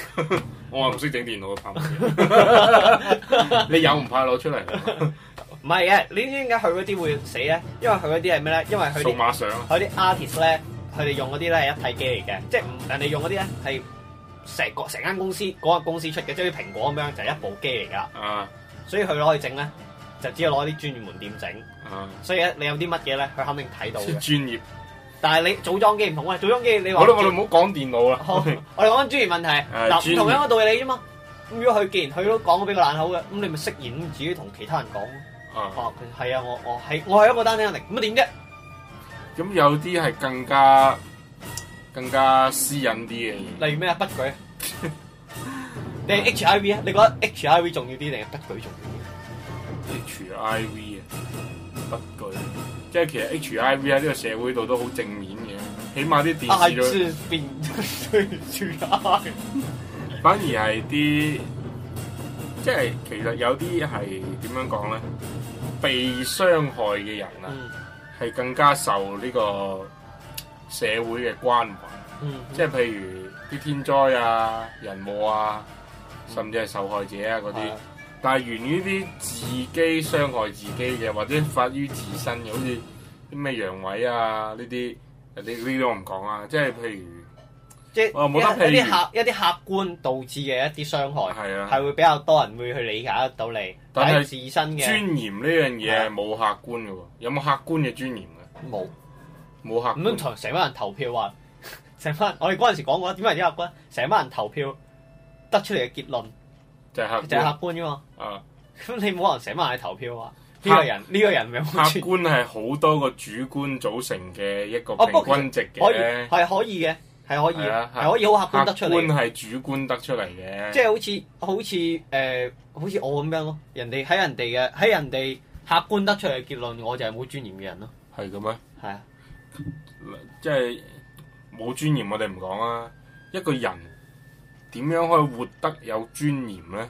S1: 我唔識整電腦啊，怕唔
S2: 你有唔怕攞出嚟？唔係嘅，你知唔知點解佢嗰啲會死咧？因為佢嗰啲係咩咧？因為佢數碼相，佢啲 artist 咧，佢哋用嗰啲咧係一體機嚟嘅，即係人哋用嗰啲咧係成個成間公司嗰個公司出嘅，即係啲蘋果咁樣就係一部機嚟噶。啊！所以佢攞去整咧，就只有攞啲專業門店整。啊、所以咧，你有啲乜嘢咧，佢肯定睇到嘅。專業。但係你組裝機唔同啊，組裝機你話，我哋唔好講電腦啦，我哋講緊尊嚴問題，嗱，唔同樣一個道理啫嘛。咁如果佢既然佢都講咗比較爛口嘅，咁你咪息隱自己同其他人講咯。Uh. 啊，係啊，我我係我係一個單親家庭，咁啊點啫？咁有啲係更加更加私隱啲嘅，例如咩啊？不舉， 你 H I V 啊？你覺得 H I V 重要啲定不舉重要啲？H I V 啊，不舉。即係其實 HIV 喺呢個社會度都好正面嘅，起碼啲電視，都變咗
S1: 反而係啲即係其實有啲係點樣講咧？被傷害嘅人啊，係更加受呢個社會嘅關懷。嗯嗯，即係譬如啲天災啊、人禍啊，甚至係受害者啊嗰啲。但係源於啲自己傷害自己嘅，或者發於自身嘅，好似啲咩陽痿啊呢啲，呢啲都唔講啦。即係譬如，即係是、哦、
S3: 一啲客一啲客
S2: 觀導致嘅一啲傷害，係啊，係會比較多人會去理解得到你。但係是自身嘅尊嚴呢樣嘢冇客觀嘅喎，啊、有冇客觀嘅尊嚴嘅？冇冇有客觀。咁樣成班人投票呀，成班我哋嗰陣時講過點解啲客觀？成班人投票得出嚟嘅結論。
S1: 就
S3: 係客
S2: 觀噶嘛，咁、啊、你冇可能成日埋去投票啊？呢客個人呢、呢個人咪客觀
S1: 係好多個主觀組成嘅一個平均值嘅，係可以嘅，係
S2: 可以，係、嗯、可以好、啊、客觀得出嚟，客觀係主
S1: 觀得出嚟嘅，即係好
S2: 似好似誒，好似、呃、我咁樣咯，人哋喺人哋嘅喺人哋客觀得出嚟嘅結論，我就係冇尊嚴嘅人咯，係咁咩？係啊，即係冇尊
S1: 嚴，我哋唔講啦。一個人。點樣可以活得有尊嚴咧？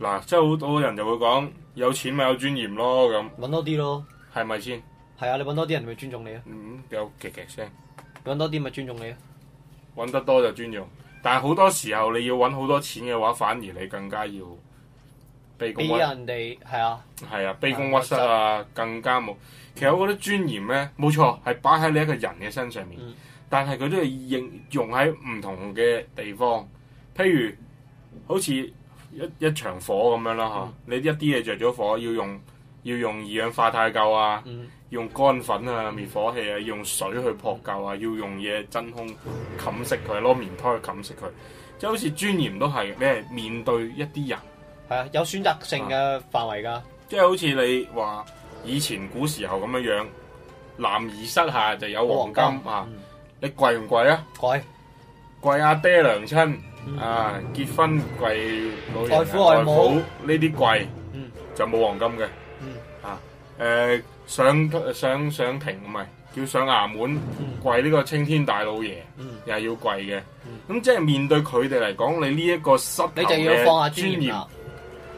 S1: 嗱，即係好多人就會講有錢咪有尊嚴咯，咁，揾多啲咯，係咪先？係啊，你揾多啲人咪尊重你啊？嗯，有劇劇聲。揾多啲咪尊重你啊？揾得多就尊重，但係好多時候你要揾好多錢嘅話，反而你更加要卑卑人
S2: 哋，係啊，
S1: 係啊，卑躬屈膝啊，嗯、更加冇。其實我覺得尊嚴咧冇錯係擺喺你一個人嘅身上面，嗯、但係佢都要應用喺唔同嘅地方。譬如好似一一場火咁樣啦，吓、嗯、你一啲嘢着咗火，要用要用二氧化碳救啊，嗯、用乾粉啊滅火器啊，用水去撲救啊，要用嘢真空冚熄佢，攞棉胎去冚熄佢，即、就、係、是、好似尊嚴都係咩？面對一啲
S2: 人係啊，有選擇性嘅範圍噶，即
S1: 係、啊就是、好似你話以前古時候咁樣樣，男兒膝下就有黃金，黃金、嗯、啊，你貴唔貴啊？貴貴阿爹娘親。啊！結婚跪老人、外父、外母呢啲跪，就冇黃金嘅。啊，誒，上上上庭唔係叫上衙門跪呢個青天大老爺，又係要跪嘅。咁即係面對佢哋嚟講，你呢一個膝頭，你就要放下尊嚴，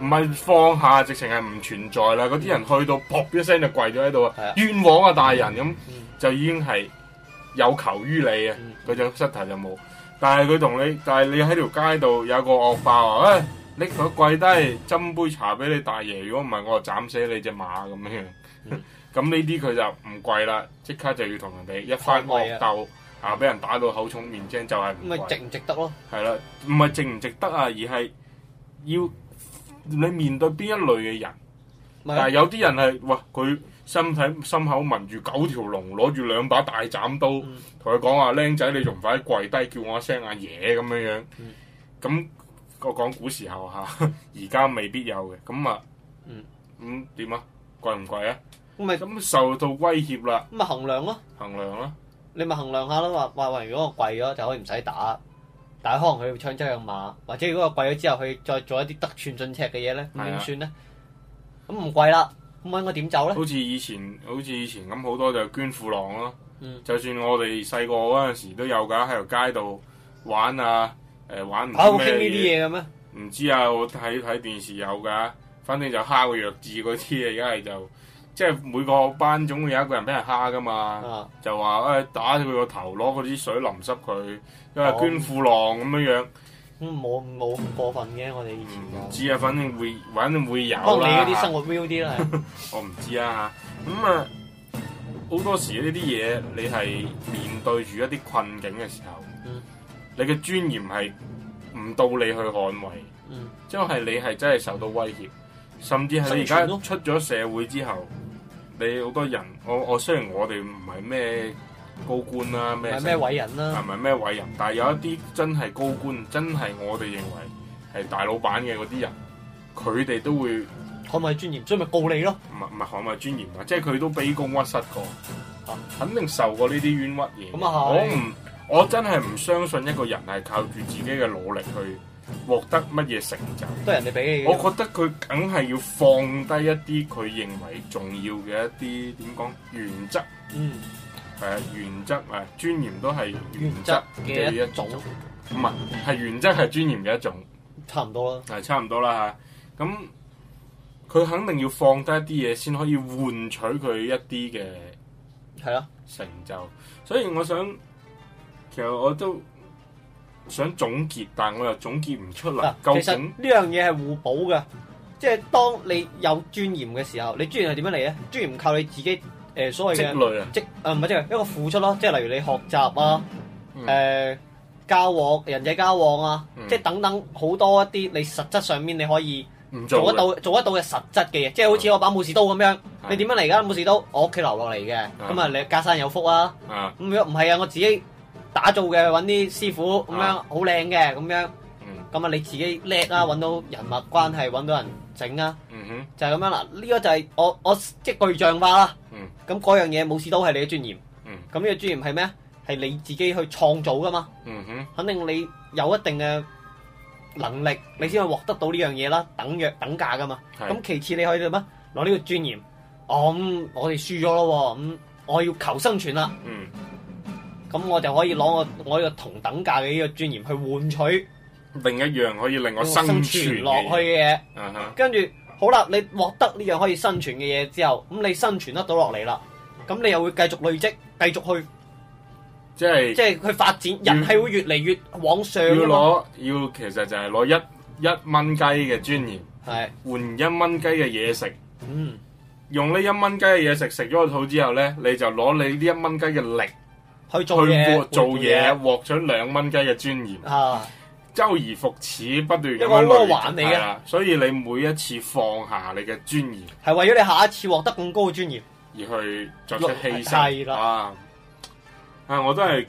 S1: 唔係放下，直情係唔存在啦。嗰啲人去到，撲一聲就跪咗喺度啊！冤枉啊大人咁，就已經係有求於你啊，嗰隻膝頭就冇。但係佢同你，但係你喺條街度有個惡霸話，誒，搦我跪低斟杯茶俾你大爺，如果唔係我就斬死你隻馬咁樣。咁呢啲佢就唔跪啦，即刻就要同人哋一番惡鬥，啊，俾人打到口腫面青就係唔跪。唔係值唔值得咯、啊？係啦，唔係值唔值得啊，而係要你面對邊一類嘅人。是啊、但係有啲人係，哇，佢。身體心口紋住九條龍，攞住兩把大斬刀，同佢講話：僆仔，你仲唔快跪低，叫我聲阿、啊、爺咁樣樣。咁、嗯、我講古時候嚇，而家未必有嘅。咁啊，
S3: 咁
S1: 點、嗯嗯、啊？跪唔跪啊？咁
S2: 就受到威脅啦。咁咪衡量咯。衡量咯。你咪衡量下咯，話話，如果我跪咗就可以唔使打，但係可能佢要槍車有馬，或者如果我跪咗之後，佢再做一啲得寸進尺嘅嘢咧，點算咧？咁唔、啊、跪啦。咁我點走咧？好似以前，
S1: 好似以前咁，好多就捐褲浪咯。嗯、就算我哋細個嗰陣時都有噶，喺條街度玩啊，誒、呃、玩唔？啊，會傾呢啲嘢嘅咩？唔知啊，我睇睇、啊、電視有噶，反正就蝦個弱智嗰啲嘢。而家係就即係、就是、每個班總會有一個人俾人蝦噶嘛，啊、就話誒、哎、打佢個頭，攞嗰啲水淋濕佢，因、就、為、是、捐褲浪咁樣樣。啊都冇冇咁過分嘅，我哋以前唔知啊，反正會，反正會有啦。你嗰啲生活 feel 啲啦。 我唔知啊。咁、嗯、啊，好多時呢啲嘢，你係面對住一啲困境嘅時候，
S3: 嗯、
S1: 你嘅尊嚴係唔到你去捍衞，即係、嗯、你係真係受到威脅，甚至係你而家出咗社會之後，你好多人，我我雖然我哋唔係咩。高官啦、啊，咩？唔係咩偉人啦、啊，係咪咩偉人？但係有一啲真係高官，真係我哋認為係大老闆嘅嗰啲人，佢哋都會可唔可以尊嚴，所以咪告你咯。唔係唔係可唔可以尊嚴啊，即係佢都卑躬屈膝過，啊，肯定受過呢啲冤屈嘢。咁啊是，我唔，我真係唔相信一個人係靠住自己嘅努力去獲得乜嘢成就，都係人哋俾嘅。我覺得佢梗係要放低一啲佢認為重要嘅一啲點講原則。嗯。係啊，原則啊，尊嚴都係原則嘅一種，唔係，係原則係尊嚴嘅一種，嘅一種差唔多啦，係差唔多啦嚇。咁佢肯定要放低一啲嘢，先可以換取佢一啲嘅係咯成就。的所以我想，其實我
S2: 都想總結，但係我又總結唔出嚟。究竟呢樣嘢係互補嘅，即、就、係、是、當你有尊嚴嘅時候，你尊嚴係點樣嚟咧？尊嚴唔靠你自己。誒所謂嘅積累唔係積累，一個付出咯，即係例如你學習啊，誒、嗯呃、交往人際交往啊，嗯、即係等等好多一啲你實質上面你可以做得到做、的做得到嘅實質嘅嘢，即係好似我把武士刀咁樣，嗯、你點樣嚟噶武士刀？我屋企留落嚟嘅。咁啊你家山有福啊，咁樣唔係啊，我自己打造嘅揾啲師傅咁樣好靚嘅咁樣。嗯咁啊，你自己叻啦、啊，揾到人物關係，揾到人整啊，嗯、哼就係咁樣啦。呢、呢個就係我我即、即係、具象化啦。咁嗰、嗯、樣嘢冇事都係你嘅尊嚴。咁呢、嗯、個尊嚴係咩？係係你自己去創造噶嘛。嗯、哼肯定你有一定嘅能力，你先可以獲得到呢樣嘢啦，等約等價噶嘛。咁是其次你可以做咩？攞呢個尊嚴，哦、嗯，我哋輸咗咯，咁我要求生存啦。咁、嗯、我就可以攞我、嗯、我呢個同等價嘅呢個尊嚴去換取。另一樣可以令我生存落去嘅嘢，跟住好啦，你獲得呢樣可以生存嘅嘢之後，咁你生存得到落嚟啦，咁你又會繼續累積，繼續去，即係即係去發展，人
S1: 係會越嚟越往上咯。要攞，要其實就係攞一一蚊雞嘅尊嚴，係換一蚊雞嘅嘢食。嗯，用呢一蚊雞嘅嘢食食咗個肚之後呢，你就攞你呢一蚊雞嘅力去做嘢，做嘢獲取兩蚊雞嘅尊嚴啊！周而復始，不斷咁樣累積。個個你啦，所以你每一次放下你嘅尊嚴，係為咗你下一次獲得更高嘅尊嚴而去作出犧牲啊！啊，我都係。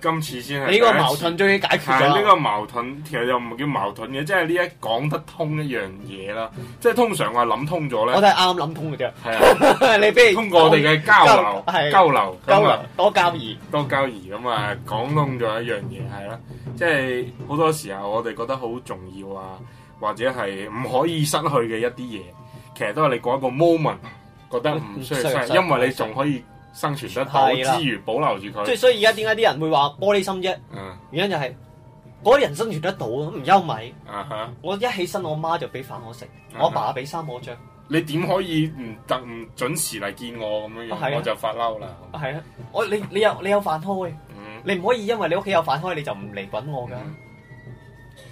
S1: 今次先係呢個矛盾終於解決咗。係呢、呢個矛盾，其實又唔叫矛盾嘅，即係呢一講得通的一樣嘢啦。即係通常話諗通咗咧，我哋係啱
S2: 啱諗通嘅啫。
S1: 係啊的，你不如通過我哋嘅交流，交，交流，交流樣多交誼，多交誼咁啊，講通咗一樣嘢係啦。即係好多時候我哋覺得好重要啊，或者係唔可以失去嘅一啲嘢，其實都係你嗰一個 moment 覺得唔需要，因為你仲可以。生存得好了之餘，保留住佢。即係所以而
S2: 家點解啲人會話玻璃心啫？嗯，原因就係嗰啲人生存得到咯，唔憂米。啊哈！我一起身，我媽就俾飯我食，嗯、我爸俾衫我着。你點可以
S1: 唔得唔準時嚟見我咁
S2: 樣樣？我就發嬲啦。係啊了嗎，我你你有你有飯開，嗯、你唔可以因為你屋企有飯開你就唔嚟揾我㗎。係冇、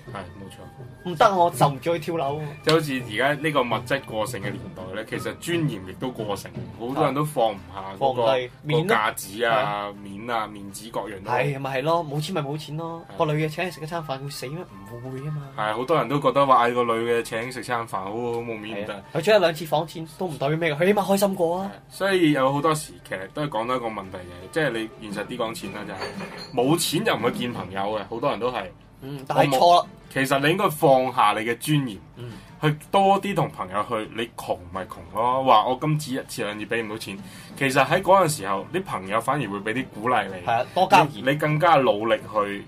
S2: 嗯嗯、錯。唔得，我就唔再去跳樓。
S1: 即、嗯、好似而家呢個物質過剩嘅年代咧，其實尊嚴亦都過剩，好多人都放唔下嗰、那個、面個架子啊、面啊的、面子各樣都。係咪係
S2: 咯？冇、就是、錢咪冇錢咯。的個女嘅請你食一餐飯會死咩？唔會啊嘛。
S1: 係好多人都覺得話嗌個女嘅請你食餐飯好好冇面，唔
S2: 得。去住一兩次房錢都唔代表咩，佢起碼開心過啊。
S1: 所以有好多時其實都係講到一個問題嘅，即、就、係、是、你現實啲講錢啦，就係冇錢就唔、是、去 見朋友嘅，好多人都係。嗯，但係錯。其實你應該放下你嘅尊嚴，嗯、去多啲同朋友去。你窮咪窮咯，話我今次一次兩次俾唔到錢。其實喺嗰陣時候，啲朋友反而會俾啲鼓勵你，啊，多加，你更加努力去，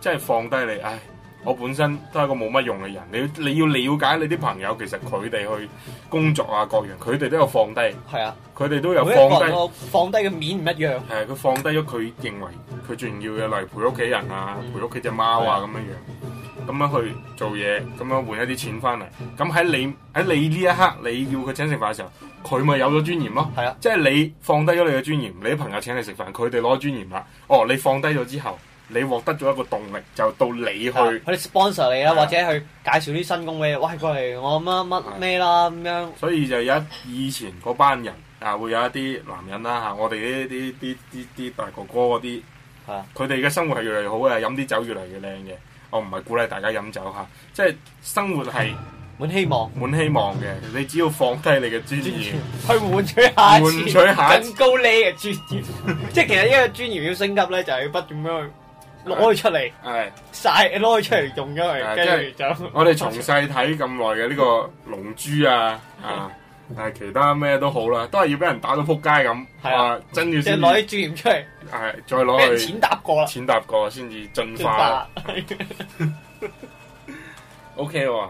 S1: 即係放低你，唉。我本身都係一個冇乜用嘅人，你你要了解你啲朋友，其實佢哋去工作啊各樣，佢哋都有放低，係啊，佢哋都有放低，個放低嘅面唔一樣。係啊，佢放低咗佢認為佢最重要嘅，例如陪屋企人啊，嗯、陪屋企隻貓啊咁樣、啊、樣，咁樣去做嘢，咁樣換一啲錢翻嚟。咁喺你喺你呢一刻你要佢請食飯嘅時候，佢咪有咗尊嚴咯？係啊，即係你放低咗你嘅尊嚴，你啲朋友請你食飯，佢哋攞尊嚴啦。哦，你放低咗之後。你獲
S2: 得咗一個動力，就到你去。佢 sponsor 你啦，或者去介紹啲新工嘅，喂，過嚟我乜乜咩啦咁樣。所以就有一以前嗰班人啊，會有一啲
S1: 男人啦嚇，我哋啲啲啲啲啲大哥哥嗰啲，啊，佢哋嘅生活係越嚟越好嘅，飲啲酒越嚟越靚嘅。我唔係鼓勵大家飲酒嚇，即係生活係滿希望滿希望嘅。你只要放低你嘅專業去換取下，換取下更
S2: 高 level 嘅專業。即係其實一個專業要升級咧，就係要不斷咁樣。攞佢出嚟，係晒攞佢出嚟用，咗佢。跟住就我哋從細
S1: 睇咁耐嘅呢個龍珠啊，啊，誒，其他咩都好啦，都係要俾人打到撲街咁，啊，真要先攞啲珠鹽出嚟，係再攞去淺搭過，淺搭過先至
S2: 進化。O K 喎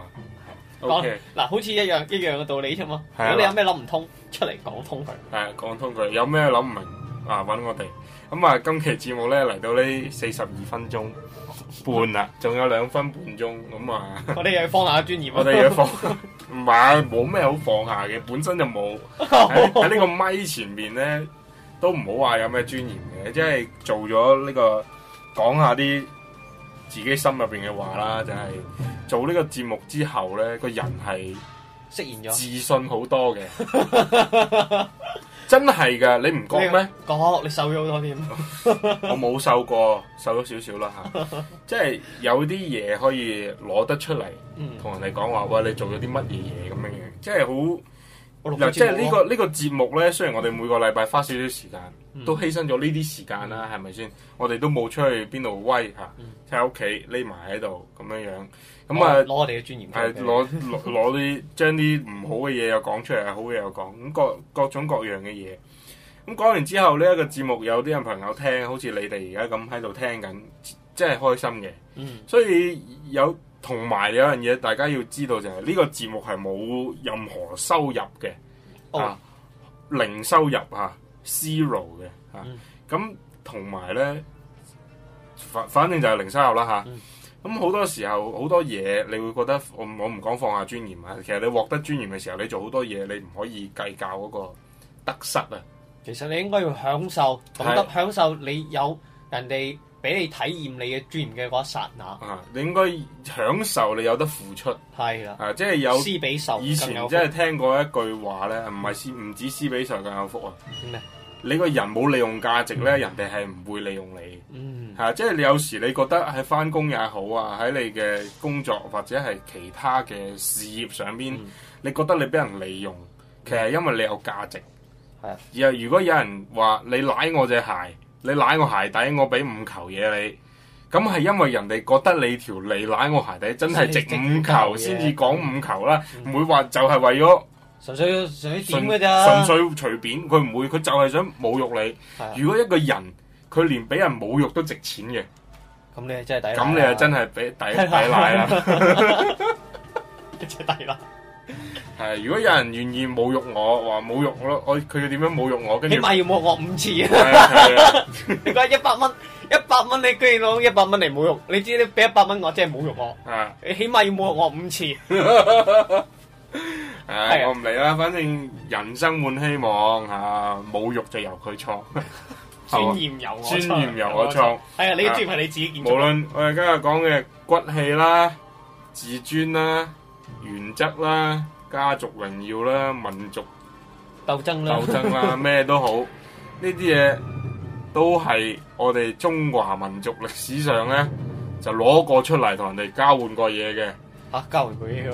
S2: ，O K，嗱，好似一樣一樣嘅道理啫嘛。如果你有咩諗唔通，出嚟講通佢，係講通
S1: 佢，有咩諗唔明，啊，揾我哋。咁啊、嗯，今期節目咧嚟到呢四十二分鐘半啦，仲有兩分半鐘，咁、嗯、啊， 我哋又要放下尊嚴，我哋要放，唔係冇咩好放下嘅，本身就冇喺呢個咪前面咧，都唔好話有咩尊嚴嘅，即係做咗呢、這個講下啲自己心入邊嘅話啦，就係、是、做呢個節目之後咧，個人係
S2: 實現
S3: 咗自
S1: 信好多嘅。 真係噶，你唔覺咩？
S2: 講，你瘦咗好多添。
S1: 我冇瘦過，瘦咗少少啦吓。 即係有啲嘢可以攞得出嚟，同、嗯、人哋講話喂、嗯，你做咗啲乜嘢嘢咁樣嘅，嗯、即係好。嗱，即係呢個呢個節目咧、這個這個，雖然我哋每個禮拜花少少時間，都犧牲咗呢啲時間啦，係咪先？吧我哋都冇出去邊度威吓，喺屋企匿埋喺度咁樣樣。咁啊，攞、哦、我哋嘅專業，係攞攞啲將啲唔好嘅嘢又講出嚟， 好嘅又講，咁各各種各樣嘅嘢。咁講完之後，呢、這、一個節目有啲人朋友聽，好似你哋而家咁喺度聽緊，真係開心嘅。嗯、所以有同埋有樣嘢，大家要知道就係、是、呢、這個節目係冇任何收入嘅，哦、啊，零收入啊，zero 嘅嚇。咁同埋咧，反、嗯、反正就係零收入啦嚇。啊嗯咁好、嗯、多時候，好多嘢你會覺得我我唔講放下尊嚴啊。其實你獲得尊嚴嘅時候，你做好多嘢，你唔可以計較嗰個得失啊。
S2: 其實你應該要享受，懂得享受你有人哋俾你體驗你嘅尊嚴嘅嗰一剎那。啊，
S1: 你應該享受你有得付出。係啦的、啊。即係有。施比受。以前真係聽過一句話咧，唔係唔止施比受更有福啊。咩、嗯？你個人冇利用價值咧，嗯、人哋係唔會利用你。啊！即係你有時你覺得喺返工也好啊，喺你嘅工作或者係其他嘅事業上邊，嗯、你覺得你俾人利用，其實因為你有價值。係、嗯。而如果有人話你舐我隻鞋，你舐我鞋底，我俾五球嘢你咁係因為人哋覺得你條脷舐我的鞋底真係值五球，先至講五球啦，唔、嗯嗯、會話就係為咗純粹純
S3: 粹點嘅啫。純
S1: 粹隨便，佢唔會，佢就係想侮辱你。嗯、如果一個人。佢連俾人侮辱都值錢嘅吧，
S2: 咁辣 你係真係抵啦吧！咁你係真係俾抵抵賴啦！一係抵啦！
S1: 係，如果有人願意侮辱我，話侮辱我咯，我佢點樣侮辱我？跟住起碼要
S2: 侮辱我五次啊！ 你講一百蚊，一百蚊你居然攞一百蚊嚟侮辱，你知你俾一百蚊我，真係侮辱我，吧
S3: 你
S2: 起碼要侮辱我五次。
S1: 係我唔理啦，反正人生滿希望吓、啊，侮辱就由佢錯。
S2: 尊嚴由我創，係啊！你嘅尊嚴係你自己建、啊。
S1: 無論我哋今日講嘅骨氣啦、自尊啦、原則啦、家族榮耀啦、民族鬥爭啦、鬥爭啦，咩 都好，呢啲嘢都係我哋中華民族歷史上咧就攞過出嚟同人哋交換過嘢嘅。吓、啊，交換過嘢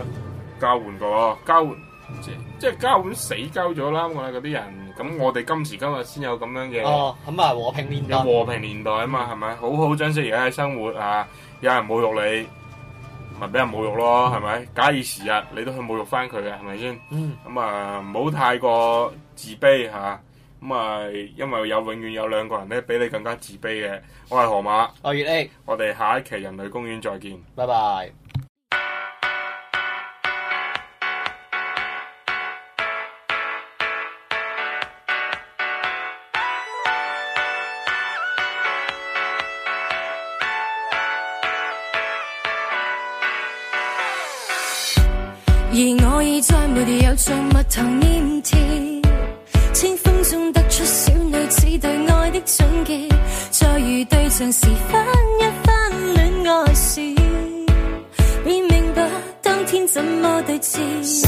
S1: 交換過，交換即即係交換死交咗啦！我哋嗰啲人。咁我哋今時今日先有咁樣嘅哦，咁啊和平年代，和平年代啊嘛，係咪、嗯、好好珍惜而家嘅生活啊？有人侮辱你，咪俾人侮辱咯，係咪、嗯？假以時日，你都去侮辱翻佢嘅，係咪先？嗯，咁、嗯、啊，唔好太過自卑吓，咁啊、嗯、啊，因為有永遠有兩個人咧，比你更加自卑嘅。我係河馬，我係、哦、月 A，我哋下一期人類公園再見，拜拜。
S4: 再沒有像蜜糖黏貼，清風中得出小女子對愛的總結，再遇對象時翻一翻戀愛史，便明白當天怎麼對峙。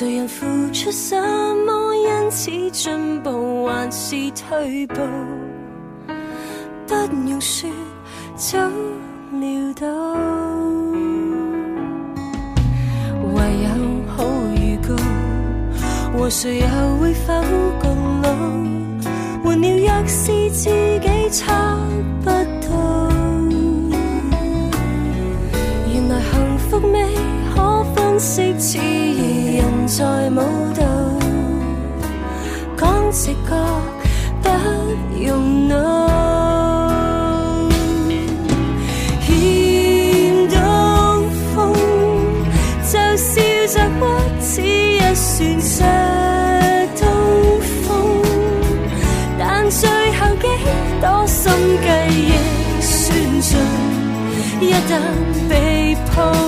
S4: 誰人付出什麼，因此進步還是退步？不用說，早料到。唯有好預告，和誰又會否共老？換了，若是自己差不多，原來幸福未可分析，自然。在舞蹈，講直覺不，不用腦。欠東風，就笑着屈指一算借東風，但最後幾多心計亦算盡，一旦被抱。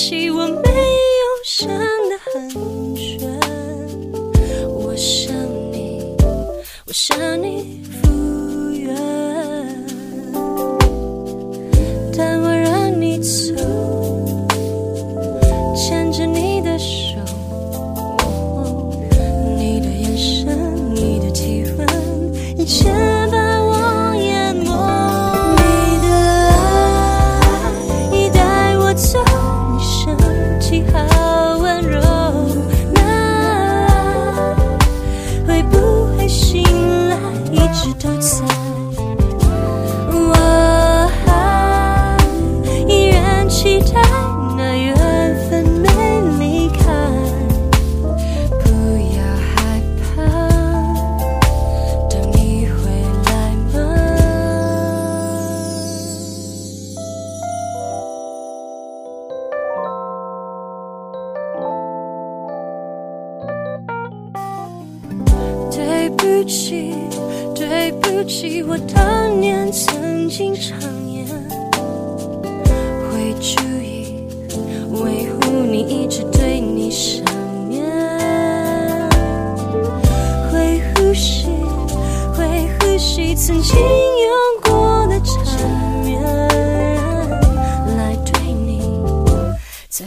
S4: 希望沒。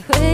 S4: 再會。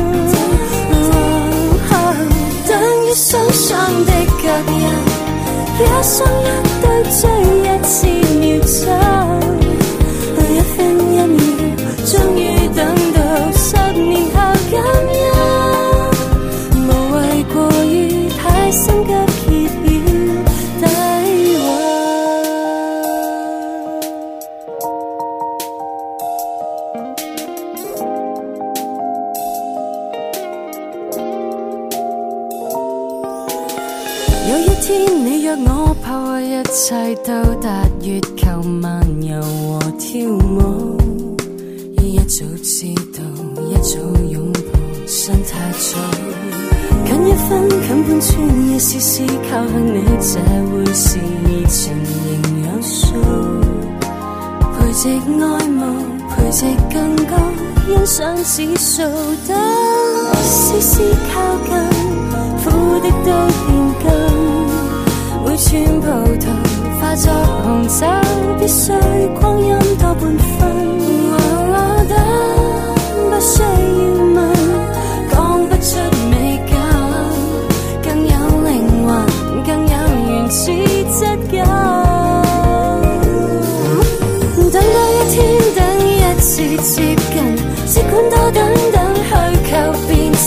S4: 的腳印，一雙一對追一次秒針。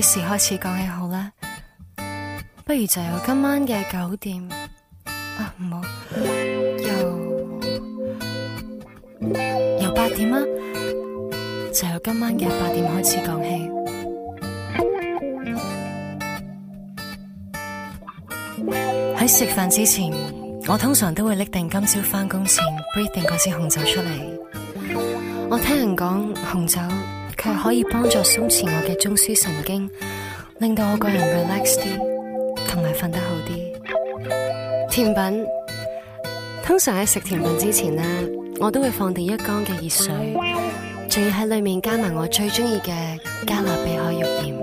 S4: 幾時開始講起好啦？不如就由今晚嘅九點
S3: 啊，唔好又，
S4: 由八點啊，就由今晚嘅八點開始講起。喺食飯之前，我通常都會拎定今朝返工前 breathing 嗰支紅酒出嚟。我聽人講紅酒。佢可以幫助鬆弛我嘅中樞神經，令到我個人 relax 啲，同埋瞓得好啲。甜品通常喺食甜品之前咧，我都會放定一缸嘅熱水，仲要喺裏面加埋我最中意嘅加勒比海浴鹽。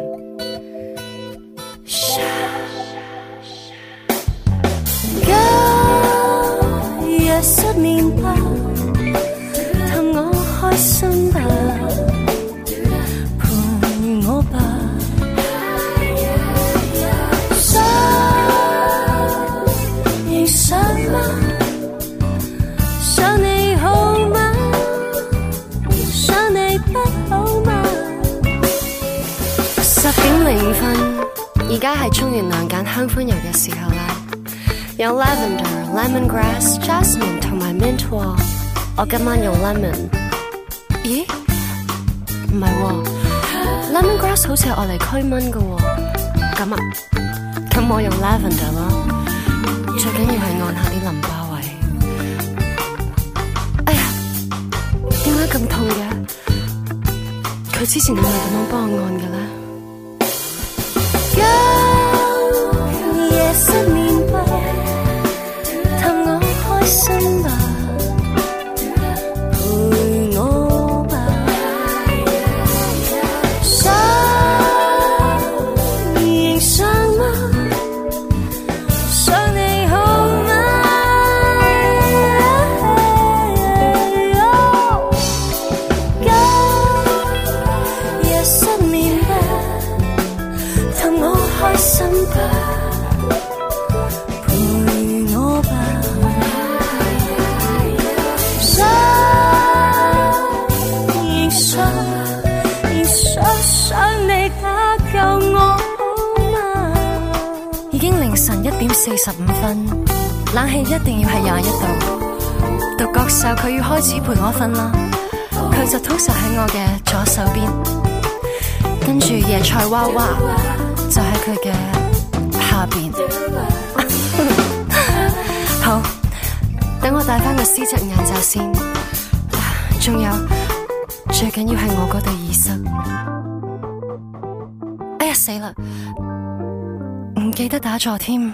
S4: 而家係沖完涼揀香薰油嘅時候啦，有 lavender、lemon grass、jasmine 同埋 mint oil。我今晚用 lemon，咦？唔係喎，lemon grass 好似係用嚟驅蚊嘅喎，咁啊，咁我用 lavender 啦。最緊要係按下啲淋巴位。哎呀，點解咁痛嘅？佢之前係咪咁樣幫我按嘅咧？四十五分，冷氣一定要係廿一度。獨角獸佢要開始陪我瞓啦，佢就躺實喺我嘅左手邊，跟住椰菜娃娃就喺佢嘅下邊。 好，等我戴翻個絲質眼罩先。仲有，最緊要係我嗰對耳塞。哎呀，死啦，唔記得打坐添。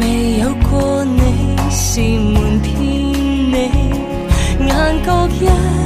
S4: 未有過你，是瞞騙你，眼角一。